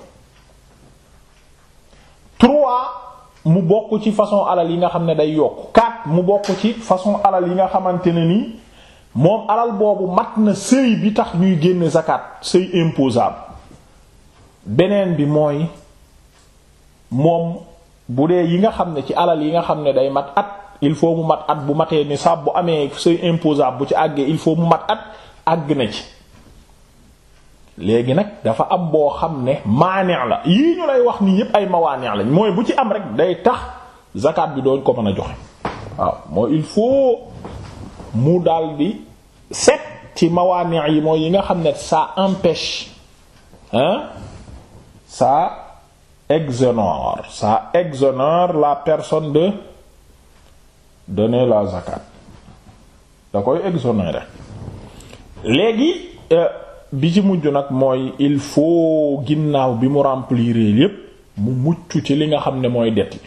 mu bokk ci façon alal yi nga xam ne day yokk quatre mu bokk ci façon alal yi nga xamante ne nii moom alal boobu mat na sëy bi tax ñuy génn zakat sëy imposable beneen bi mooy moom bu dee yi nga xam ne ci alal yi nga xam ne day mat at il faut mu mat at bu matee nisaab bu amee sëy imposable bu ci àggee il faut mu mat at àgg na ci léegi nag dafa am boo xam ne maanee la yii ñu lay wax nii yépp ay mawaanee lañ mooy bu ci am rek day tax zakat bi doon ko mën a joxe waaw mooy il faut mu daldi set ci mawaanee yi mooy yi nga xam ne ça empêche hein ça exonère ça exonère la personne de donner la zakat da koy exonérer léegi. Euh, bi ci mujj nag mooy il faut ginnaaw bi mu remplir yépp mu mucc ci li nga xam ne mooy det bi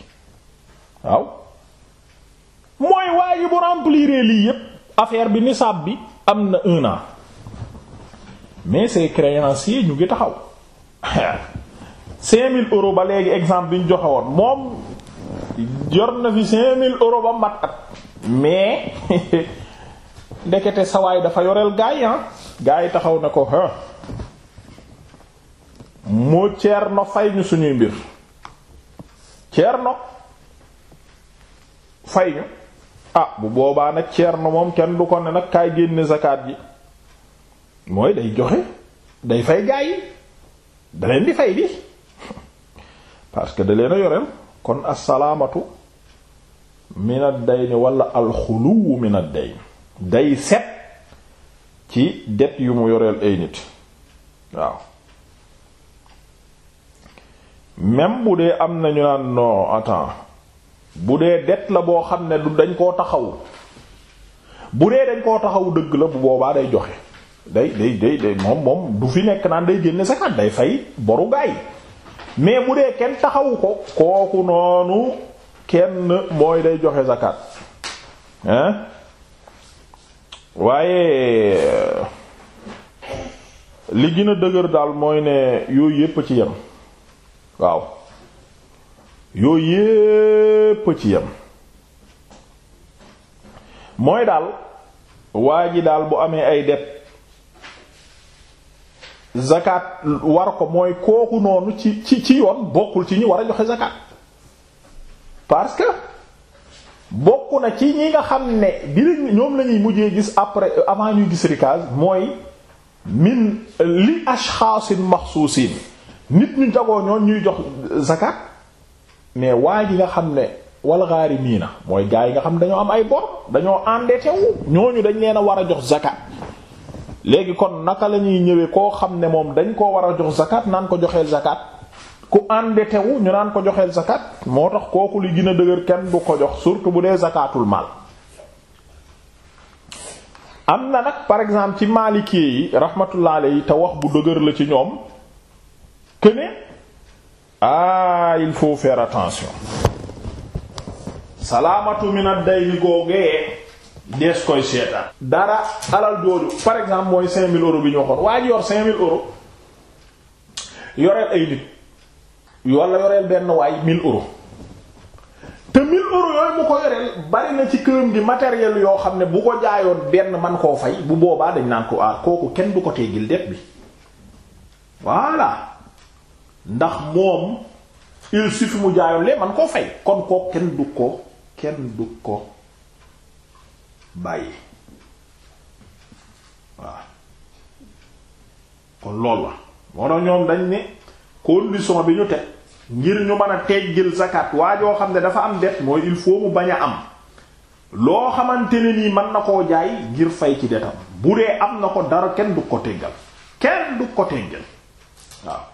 waaw mooy waaye bu remplir yépp affaire bi nisaab bi am na un an mais ces créanciers ñu ngi taxaw 5000 euros ba léegi exemple bi ñu joxe woon moom yor na fi 5000 euros ba mat at mais ndekete sawaay dafa yoreel gaay ah. gaa yi taxaw na ko ha moo Ceerno fay ñu suñuy mbir na fay ñu ah bu boobaa nag na moom kenn du ko ne nag kaay génne zakaat ji mooy day joxe day fay gaa yi da leen fay di parce que da leen a yoreel kon assalaamatu min ad-dayn wala alxuluwu min ad-dayn day set ci det yu mu yoreel ay nit waaw même bu dee am nañu naan non attends bu dee det la boo xam ne du dañ koo taxaw bu dee dañ koo taxaw dëgg la bu boobaa day joxe day day day day moom moom du fi nekk naan day génne zakat day fay boru gaay mais bu dee kenn taxawu ko kooku noonu kenn mooy day joxe zakat hein waaye li gina a dëgër daal mooy ne yooyu yépp ci yem waaw yooyu yépp ci yem mooy daal waa ji daal bu amee ay det zakat war ko mooy kooku noonu ci ci ci yoon bokkul ci ñi war a joxe zakat parce bokk na ci ñi nga xam ne dinañ ñoom la ñuy mujjee gis après euh, avant ñu gis rikaz mooy min euh, li ashxaasin maxsuusin nit ñu jagoo ñoon ñuy jox euh, zakat mais waa ji nga xam ne wal gharimiina mooy gaa yi nga xam ne dañoo am ay bor dañoo endetté wu ñooñu dañ leen a war a jox zakat léegi kon naka la ñuy ñëwee koo xam ne moom dañ koo war a jox zakat naan ko joxeel zakat ku endetté wu ñu naan ko joxeel zakat moo tax kooku li gën dëgër kenn du ko jox surtout bu dee zakatul mal am na nag par exemple ci maalikee yi rahmatullah yi te wax bu dëgër la ci ñoom que ah il faut faire attention salaamatu minad dayni googee dees koy seetaan dara alal jooju par exemple mooy 5000 euros bi ñu waxoon waa ji yor 5000 euros yoreel ay nit walla yoreel benn waay 1000 euros te 1000 euros yooyu mu ko yoreel bari ci këram di matériel yoo xam ne bu ko jaayoon benn man koo fay bu boobaa dañ naan ko aar ah, kooku kenn du ko teggil det bi voilà ndax moom il suffit mu jaayoon lee man kenn du ko kenn du ko bàyyi waaw kon loolu la moo tax ñoom dañ ne condition bi ñu teg ngir ñu mën a teggil zakat waa joo xam ne dafa am det mooy il faut mu bañ a am loo xamante ne nii mën na koo jaay ngir fay ci detam bu dee am na ko dara kenn du ko teggal kenn du ko teggal waaw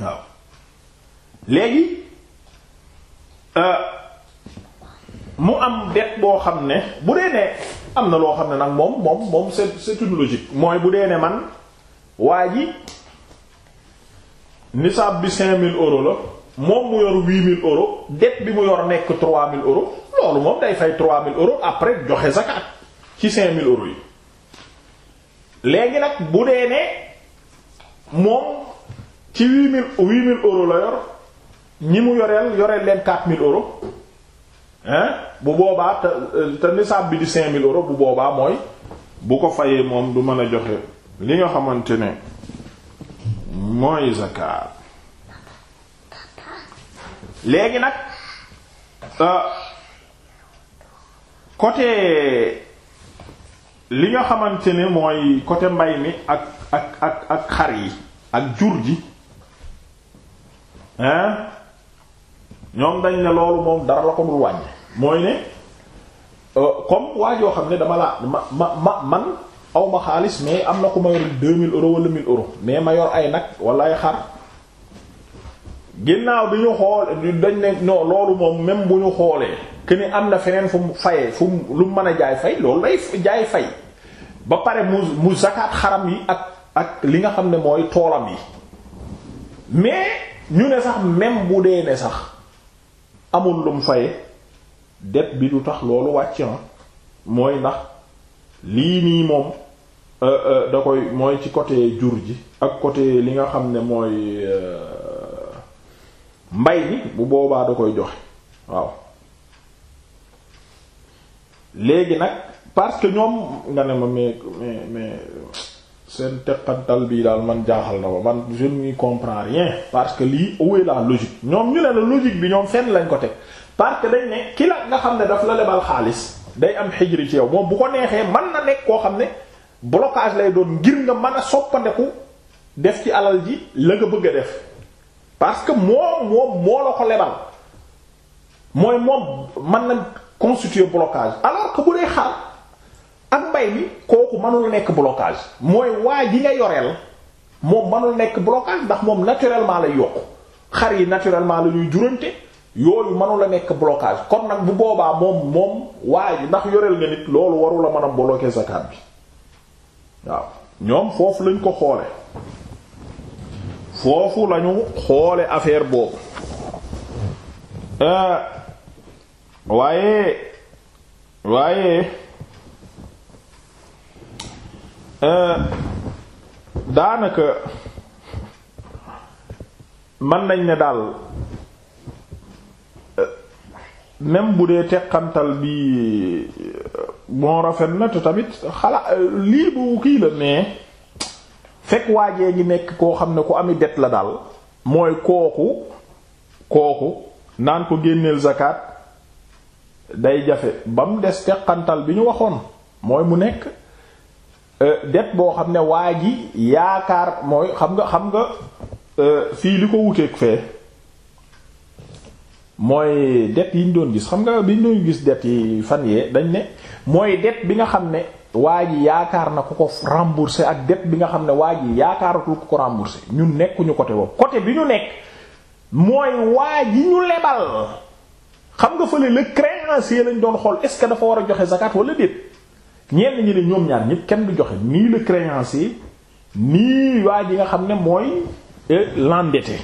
waaw léegi euh, mu am det boo xam ne bu dee ne am na loo xam ne nag moom moom moom c'est c'est une mooy bu dee ne man waa ji nisaab bi cinq mille euros la moom mu yor huit mille euros dette bi mu yor nekk trois mille euros loolu moom day fay trois mille euros après joxe zakat ci cin mille euros yi léegi nag bu dee ne moom ci huit mille huit mille euros la yor ñi mu yoreel yoreel leen quatre mille euros hein bu boobaa te te nisaab bi di cinq mille euros bu boobaa mooy bu ko fayee moom du mën a joxe li nga xamante ne. mooy zakat léegi nag euh, côté li nga xamante ne mooy côté mbay mi ak ak ak ak xar yi ak jur ji ñoom dañ ne loolu moom dara la ko dul wàññi mooy ne euh, comme waa joo xam ne dama laa ma ma man aw xaalis mais am na ku ma yor 2000 euros wala 1000 euros mais ma yor ay nag wala ay xar ginnaaw bi ñu xool dañ ne noo loolu moom même bu ñu xoolee que ni am na feneen fu mu fayee fu mu lu mën a jaay fay loolu lay jaay fay ba pare mu mu zakat xaram yi ak ak li nga xam ne mooy toolam yi mais ñu ne sax même bu dee ne sax amul lum faye det bi du tax loolu wàcc na ah. mooy ndax lii nii moom Euh, euh, da koy mooy ci côté jur ji ak côté li nga xam ne mooy euh, mbay mi bu boobaa da koy joxe waaw léegi nag parce que ñoom nga ne ma mais mais mais seen teqantal bii daal man jaaxal na ma man je ne comprends rien parce que lii où est la logique ñoom ñu ne la logique bi ñoom fenn lañ ko teg parce que dañ ne ki nga xam ne daf la lebal xaalis day am xijri ci yow moom bu ko neexee mën na nekk koo xam ne blocage lay doon ngir nga mën a soppandeku def ci alal ji la nga bëgg a def parce que moom moom moo la ko lebal mooy moom man na constituer blocage alors que bu dee xaal ak mbay mi kooku mënul nekk blocage mooy waa ji nga yoreel moom mënul nekk blocage ndax moom naturellement lay yokk xar yi naturellement la ñuy jurante yooyu mënula nekk blocage kon nag bu boobaa moom moom waa ji ndax yoreel nga nit loolu warula mën a bloquer zakat bi waaw ñoom foofu lañ ko xoole foofu lañu xoole affaire boobu euh, waaye waaye euh, daanaka mën nañ ne daal euh, même bu dee teqantal bi bon rafet na te tamit xalaat lii bu kii la mais fekk waajee ngi nekk koo xam ne ku ami det la daal mooy kooku kooku naan ko génneel zakat day jafe ba des teqantal bi ñu waxoon mooy mu nekk euh, det boo xam ne waa ji yaakaar mooy xam nga xam nga euh, fii li ko wuteeg fee mooy det yi ñu doon gis xam nga bi ñu doon gis det yi fan yee dañ ne mooy det bi nga xam ne waa ji yaakaar na ku ko rembourser ak det bi nga xam ne waa ji yaakaaratul ku ko rembourser ñu nekkuñu côté boobu côté bi ñu nekk mooy waa ji ñu lebal xam nga fële le créancier lañ doon xool est-ce que dafa war a joxe zakat wala déet ñeen ñi ne ñoom ñaar ñépp kenn du joxe nii le créancier nii waa ji nga xam ne mooy euh, l'endetté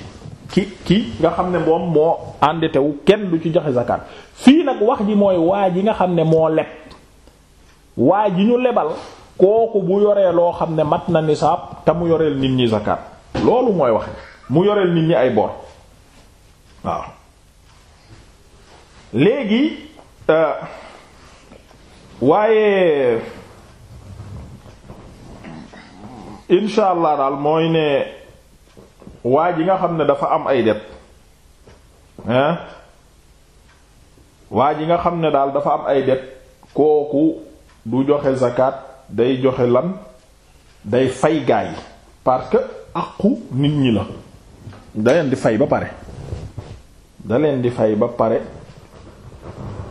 ki ki nga xam ne moom moo endetté wu kenn du ci joxe zakat fii nag wax ji mooy waa ji nga xam ne moo leb waa ji ñu lebal kooku bu yoree loo xam ne mat na ni nisaab te mu yoreel nit ñi zakat loolu mooy wax mu yoreel nit ñi ay bor waaw léegi euh, waaye insha allah daal mooy ne waa ji nga xam ne dafa am ay det waa ji nga xam ne daal dafa am ay det kooku du joxe zakat day joxe lan day fay gaa yi parce que àqu nit ñi la daleen di fay ba pare da leen di fay ba pare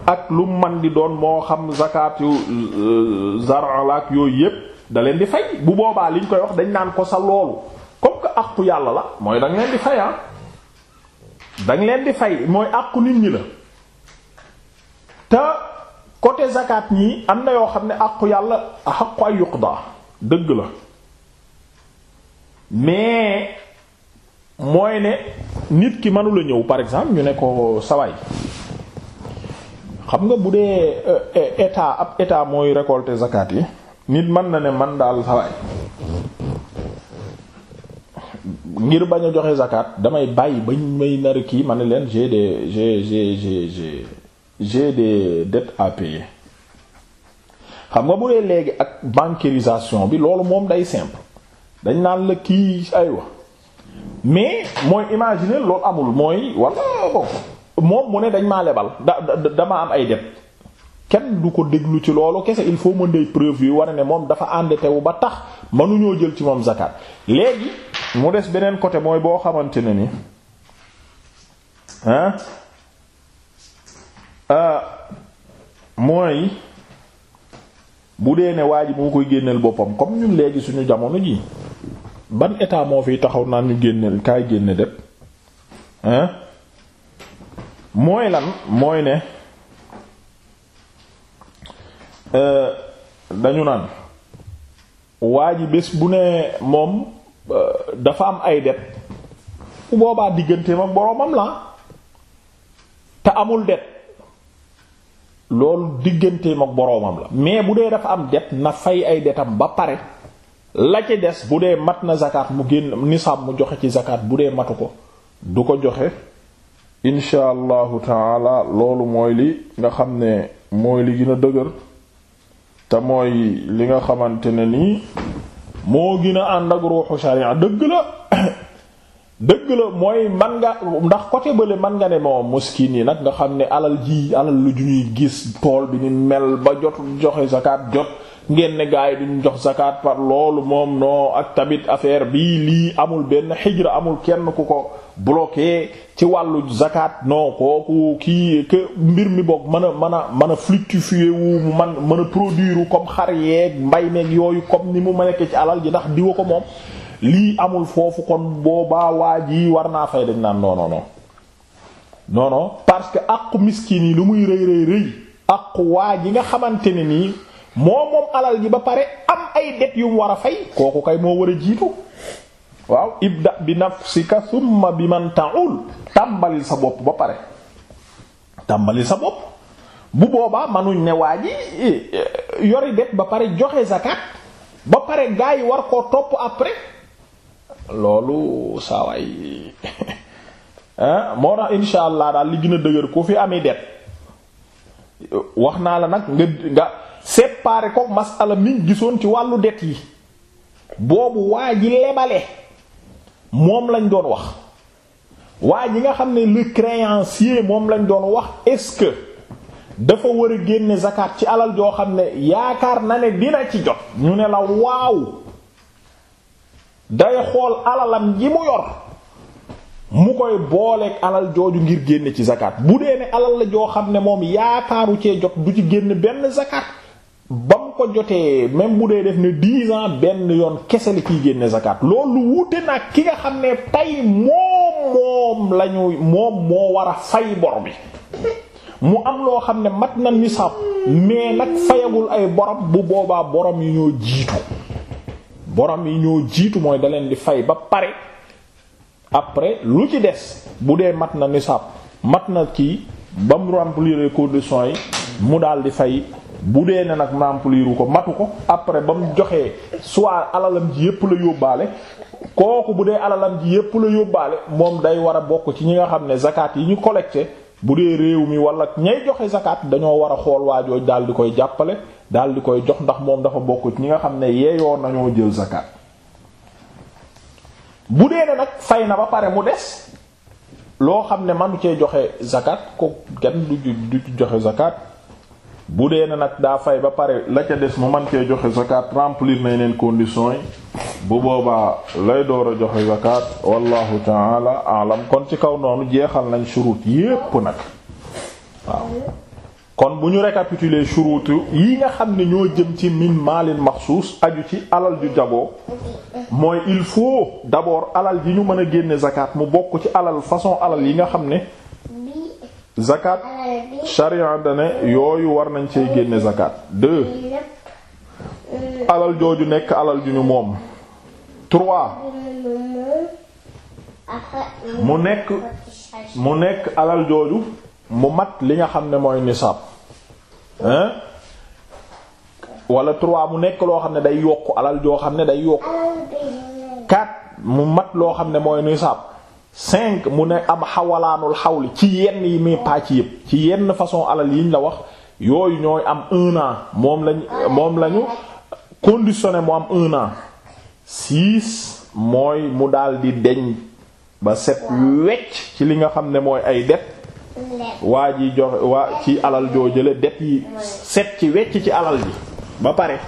ak lu man di doon moo xam zakat yu euh, zara yooyu yépp da di fay bu boobaa liñ koy wax dañ naan ko sa loolu comme que yàlla la mooy da leen di fay ah da leen di fay mooy akku nit ñi la te côté zakat ñii am na yoo xam ne àqu yàlla àqu ay yuqda dëgg la mais mooy ne nit ki mënula ñëw par exemple ñu ne ko sawaay xam nga bu dee eh, eh, état ab état mooy récolter zakat yi nit mën na ne man daal sawaay ngir bañ a joxe zakat damay bàyyi bañ may nar kii man ne leen j'ai des j'ai j'ai j'ai des dettes à xam nga bu léegi ak bancarisation bi loolu moom day simple dañ naan la kii aywa mais mooy imaginer loolu amul mooy wala bon moom mu ne dañ maa lebal da dama am ay dettes kenn du ko déglu ci loolu kese il faut mën day preuve yi war ne moom dafa endetté wu ba tax mënuñoo jël ci moom zakat léegi mu des beneen côté mooy boo xamante ne ni hein Ah, mooy bu dee ne waa ji moo koy génneel boppam comme ñun léegi suñu jamono ji ban état moo fi taxaw naan ñu génneel kaay génne def mooy lan mooy ne euh, dañu naan waa ji bés bu ne moom euh, dafa am ay det bu boobaa digganteem ak boroomam la te amul det loolu digganteem ak boroomam la mais bu dee dafa am det na fay ay detam ba pare la ci des bu dee mat na zakat mu génn nisaab mu joxe ci zakat bu dee matu ko du ko joxe insha allahu taala loolu mooy li nga xam ne mooy li gën a dëgër te mooy li nga xamante ne nii moo gën a ànd ak ruuxu sharia dëgg la dëgg la mooy man nga ndax côté bale man nga ne moo muskin yi nag nga xam ne alal ji alal lu ju ñuy gis tool bi ni mel ba jot joxe zakat jot ngeen ne gaa yi jox zakat par loolu moom noo ak tamit affaire bii lii amul benn xijra amul kenn ku ko bloqué ci wàllu zakat non kooku kii que mbir mi boog mën a mën a mën a fluctuer wu man mën a produire comme xar yeeg mbay meeg yooyu comme ni mu ma nekk ci alal ji ndax diwa ko moom lii amul foofu kon boobaa waa ji war naa fay dañ naan non non non parce que àqu miskin yi lu muy rëy rëy rëy àqu waa ji nga xamante ne nii moom moom alal ji ba pare am ay det yu mu war a fay kooku kay moo war a jiitu waaw ibda bi nafsika summa bi man ta'ul tàmbalil sa bopp ba pare tàmbalil sa bopp bu boobaa manuñ ne waa ji eh, yori det ba pare joxe zakat ba pare gaa yi war koo topp après loolu saawaay ah moo tax insha allah daal li gën a dëgër ku fi ami det wax naa la nag nga nga séparer ko masala miñ gisoon ci wàllu det yi boobu waa ji lebale moom lañ doon wax waa ji nga xam ne le créancier moom lañ doon wax est-ce que dafa war a génne zakat ci alal joo xam ne yaakaar na ne dina ci jot ñu ne la waaw day xool alalam ji mu yor mu koy booleeg alal jooju ngir génn ci zakat bu dee ne alal la joo xam ne moom yaakaaru cee jot du ci génn benn zakat ba mu ko jotee même bu dee def ne dix ans benn yoon kese la ciy génne zakat loolu wuute nag ki nga xam ne tey moom moom lañu moom moo war a fay bor bi mu am loo xam ne mat na nisaab mais nag fayagul ay borom bu boobaa borom yi ñoo jiitu borom yi ñoo jiitu mooy da di fay ba pare après lu ci des bu dee mat na nisaab mat na kii ba mu remplir conditions yi mu dal di fay bu dee ne nag remplir ko matu ko après ba mu joxee soit alalam ji yépp la yóbbaale kooku bu dee alalam ji yépp la yóbbaale moom day war a bokk ci ñi nga xam ne zakat yi ñu collecté bu dee réew mi wala ñay joxe zakat dañoo war a xool waajooj daal di koy jàppale daal di koy jox ndax moom dafa bokk ci ñi nga xam ne yeeyoo nañoo jël zakat bu dee ne nag fay na ba pare mu des loo xam ne manu cee joxe zakat ko kenn du joxe zakat bu dee na nag daa fay ba pare la ca des mu man cee joxe zakat remplir na yeneen conditions yi bu boobaa lay door a joxe zakat wallahu taala alam kon ci kaw noonu jeexal nañ shurut yépp nag waaw kon bu ñu récapituler shurut yi nga xam ne ñoo jëm ci min maalin maxsuus aju ci alal ju jaboo mooy il faut d'abord alal yi ñu mën a génne zakat mu bokk ci alal façon alal yi nga xam ne zakat sharia dane yooyu war nañ cee génne zakat deux alal jooju nekk alal ju ñu moom trois mu nekk mu nekk alal jooju mu mat li nga xam ne mooy nisaab hein wala trois mu nekk loo xam ne day yokk alal joo xam ne day yokk quatre mu mat loo xam ne mooy nisaab cinq mu ne am xawalaanul xawli ci yenn yi muy pàcc yëpp ci yenn façon alal yiñ la wax yooyu ñooy am un an moom lañ moom lañu conditionné mu am un an six mooy mu dal di deñ ba set wecc ci li nga xam ne mooy ay det waa ji joxe waa ci alal joo jële def yi set ci wecc ci alal ji ba pare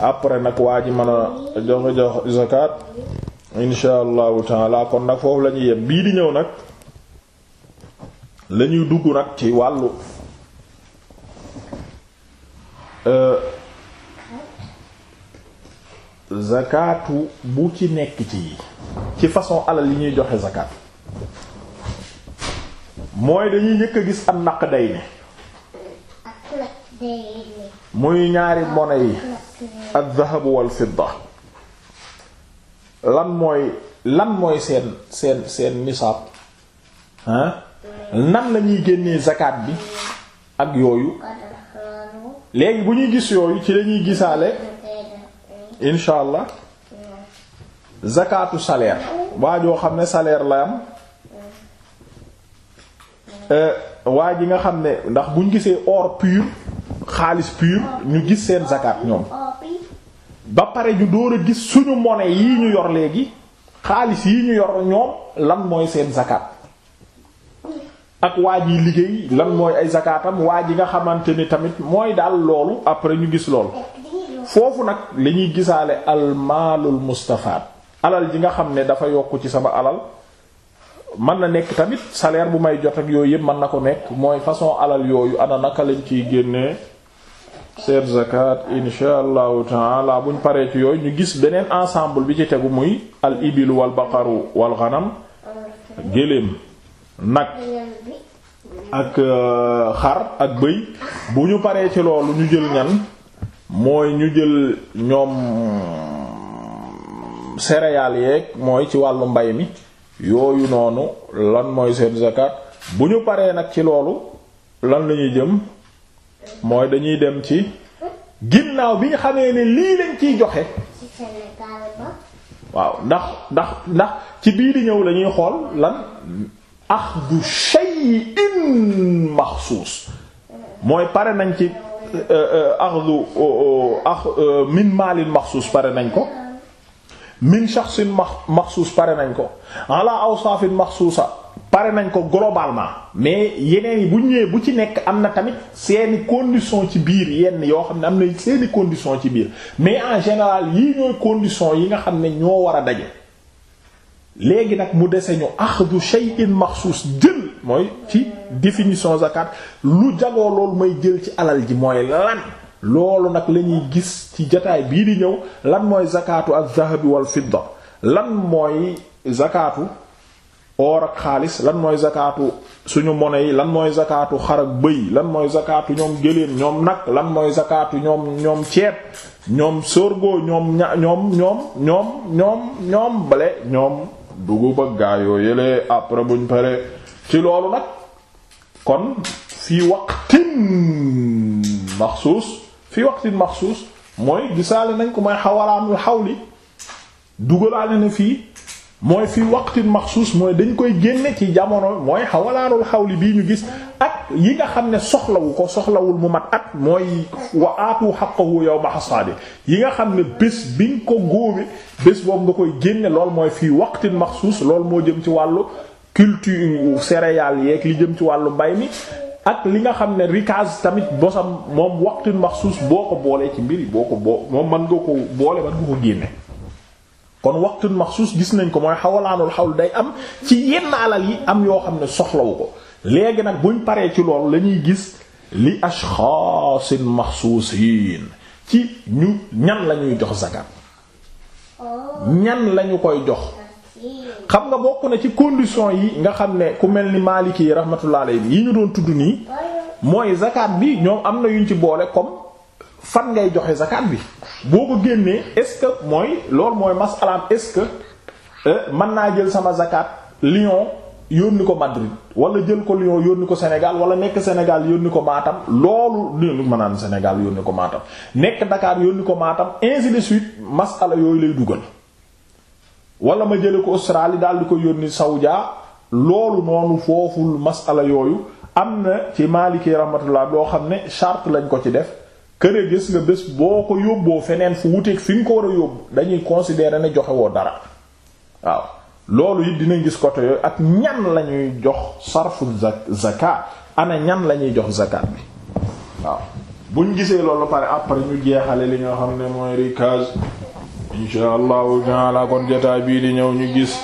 après nag waa ji mën a joxe joxe zakat insha allahu taala kon nag foofu la ñuy yem bii di ñëw nag la dugg nag ci wàllu euh, zakatu bu ci nekk ci yi ci façon alal yi ñuy joxe zakat mooy dañuy njëkk a gis am naq day ne muy ñaari monnaie yi al dhahabu wal fidda lan mooy lan mooy seen seen seen nisaab ah nan la ñuy génnee zakat bi ak yooyu léegi bu ñuy gis yooyu ci lañuy gisaale insha allah zakatu waa joo xam ne salaire la am euh, waa ji nga xam ne ndax buñ gisee or pur xaalis pur ñu gis seen zakat ñoom ba pare ñu door a gis suñu mone yii ñu yor léegi xaalis yi ñu yor ñoom lan mooy seen zakat ak waa ji liggéey lan mooy ay zakatam waa ji nga xamante ni tamit mooy daal loolu après ñu gis lool foofu nag li ñuy gisaale almaalul mustafaat alal ji nga xam ne dafa yokk ci sama alal mën na nekk tamit salaire bu may jot ak yooyu yëpp mën na ko nekk mooy façon alal yooyu ana naka lañ ciy génnee seet zakat insha allahu taala buñ paree ci yooyu ñu gis beneen ensemble bi ci tegu muy al ibilu wal baqaru wal ghanam géléem nag ak euh, xar ak bëy bu ñu paree ci loolu ñu jël ñan mooy ñu jël ñoom céréales yeeg mooy ci wàllu mbay mi yooyu noonu lan mooy seen zakat bu ñu paree nag ci loolu lan lañuy jëm mooy dañuy dem ci ginnaaw bi ñu xamee ne lii lañ ciy joxe waaw ndax ndax ndax ci biir di ñëw lañuy xool lan axdu shay'in maxsuus mooy pare nañ ci axdu euh, euh, ax euh, min maalin maxsuus pare nañ ko min shaxsin maxsuus pare nañ ko ala awsaafin maxsuusa pare nañ ko globalement mais yeneen yi bu ñëwee bu ci nekk am na tamit seeni condition ci biir yenn yoo xam ne am na seeni condition ci biir mais en général yi ñooy condition yi nga xam ne ñoo war a daje léegi nag mu dese ñu axdu shay'in maxsuus jël mooy ci définition zakat lu jagoo loolu mooy jël ci alal ji mooy lan loolu nag la ñuy gis ci jataay bii di ñëw lan mooy zakatu az-zahabi wal fidda lan mooy zakatu or ak xaalis lan mooy zakaatu suñu monnaie yi lan mooy zakaatu xar ak bëy lan mooy zakaatu ñoom gëléem ñoom nag lan mooy zakaatu ñoom ñoom ceeb ñoom sorgho ñoom ña ñoom ñoom ñoom ñoom ñoom bale ñoom dugub ak gaa yoo yëlee après buñ pare ci loolu nag kon fii waqtin maxsuus fii waqtin maxsuus mooy gisaale nañ ko mooy xawalaanul xawli dugalaale na fii mooy fi waqtin maxsuus mooy dañ koy génne ci jamono mooy xawalaanul xawli bii ñu gis ak yi nga xam ne soxlawu ko soxlawul mu mat at mooy wa aatu xaqahu yawma xasaadi yi nga xam ne bés bi ko góobe bés boobu nga koy génne lool mooy fii waqtin maxsuus lool moo jëm ci wàllu culture céréales yeeg li jëm ci wàllu mbay mi ak li nga xam ne ricage tamit bosam moom waqtin maxsuus boo ko boolee ci mbiri boo ko boo moom mën nga ko boole mën nga ko génne kon waxtu maxsuus gis nañ ko mooy xawalaanul xawl day am ci yenn alal yi am yoo xam ne soxlawu ko léegi nag buñ paree ci lool lañuy ñuy gis li ashxaasin maxsuusin ci ñu ñan la ñuy jox zakat ñan lañu koy jox xam nga bokk na ci condition yi nga xam ne ku mel ni Maliki yi rahmatullah alayhi yi ñu doon tudd nii mooy zakat bi ñoom am na yuñ ci boole comme fan ngay joxe zakat bi boo ko génnee est-ce que mooy loolu mooy masalaam est-ce que euh, man naa jël sama zakat Lyon yónni ko Madrid wala jël ko Lyon yónni ko Sénégal wala nekk Sénégal yónni ko Matam loolu lu ma naan Sénégal yónni ko Matam nekk Dakar yónni ko maatam ainsi de suite yooyu lay dugal wala ma jële ko Australie daal di ko yónni Saudia loolu noonu fooful masala yooyu am na ci Maliki rahmatullah loo xam ne charte lañ ko ci def këne gis nga bés boo ko yóbboo feneen fu wuteeg fi nga ko war a yóbbu dañuy considérer ne joxe dara waaw loolu it dinañ gis côté yooyu ak ñan lañuy jox sarfu zakat ana ñan lañuy jox zakat bi waaw buñ gisee loolu pare après ñu jeexale li nga xam ne mooy rikaz insha allahu taala kon jotaay bii di ñëw ñu gis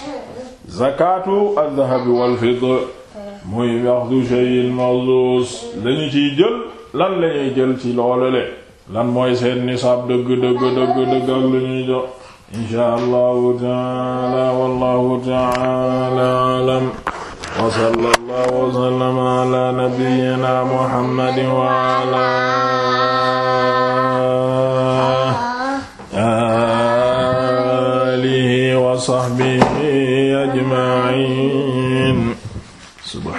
zakatu al-dhahab wal-fidda muy wax du shay'in lañu ciy jël lan lañuy jël ci loolu le lan mooy seen nisaab dëgg dëgg dëgg dëgg ak lu ñuy jox insha allahu taala wallahu taala alam wa sallallahu wa sallama ala nabiyyina muhammadin wa ala alihi wa sahbihi ajma'in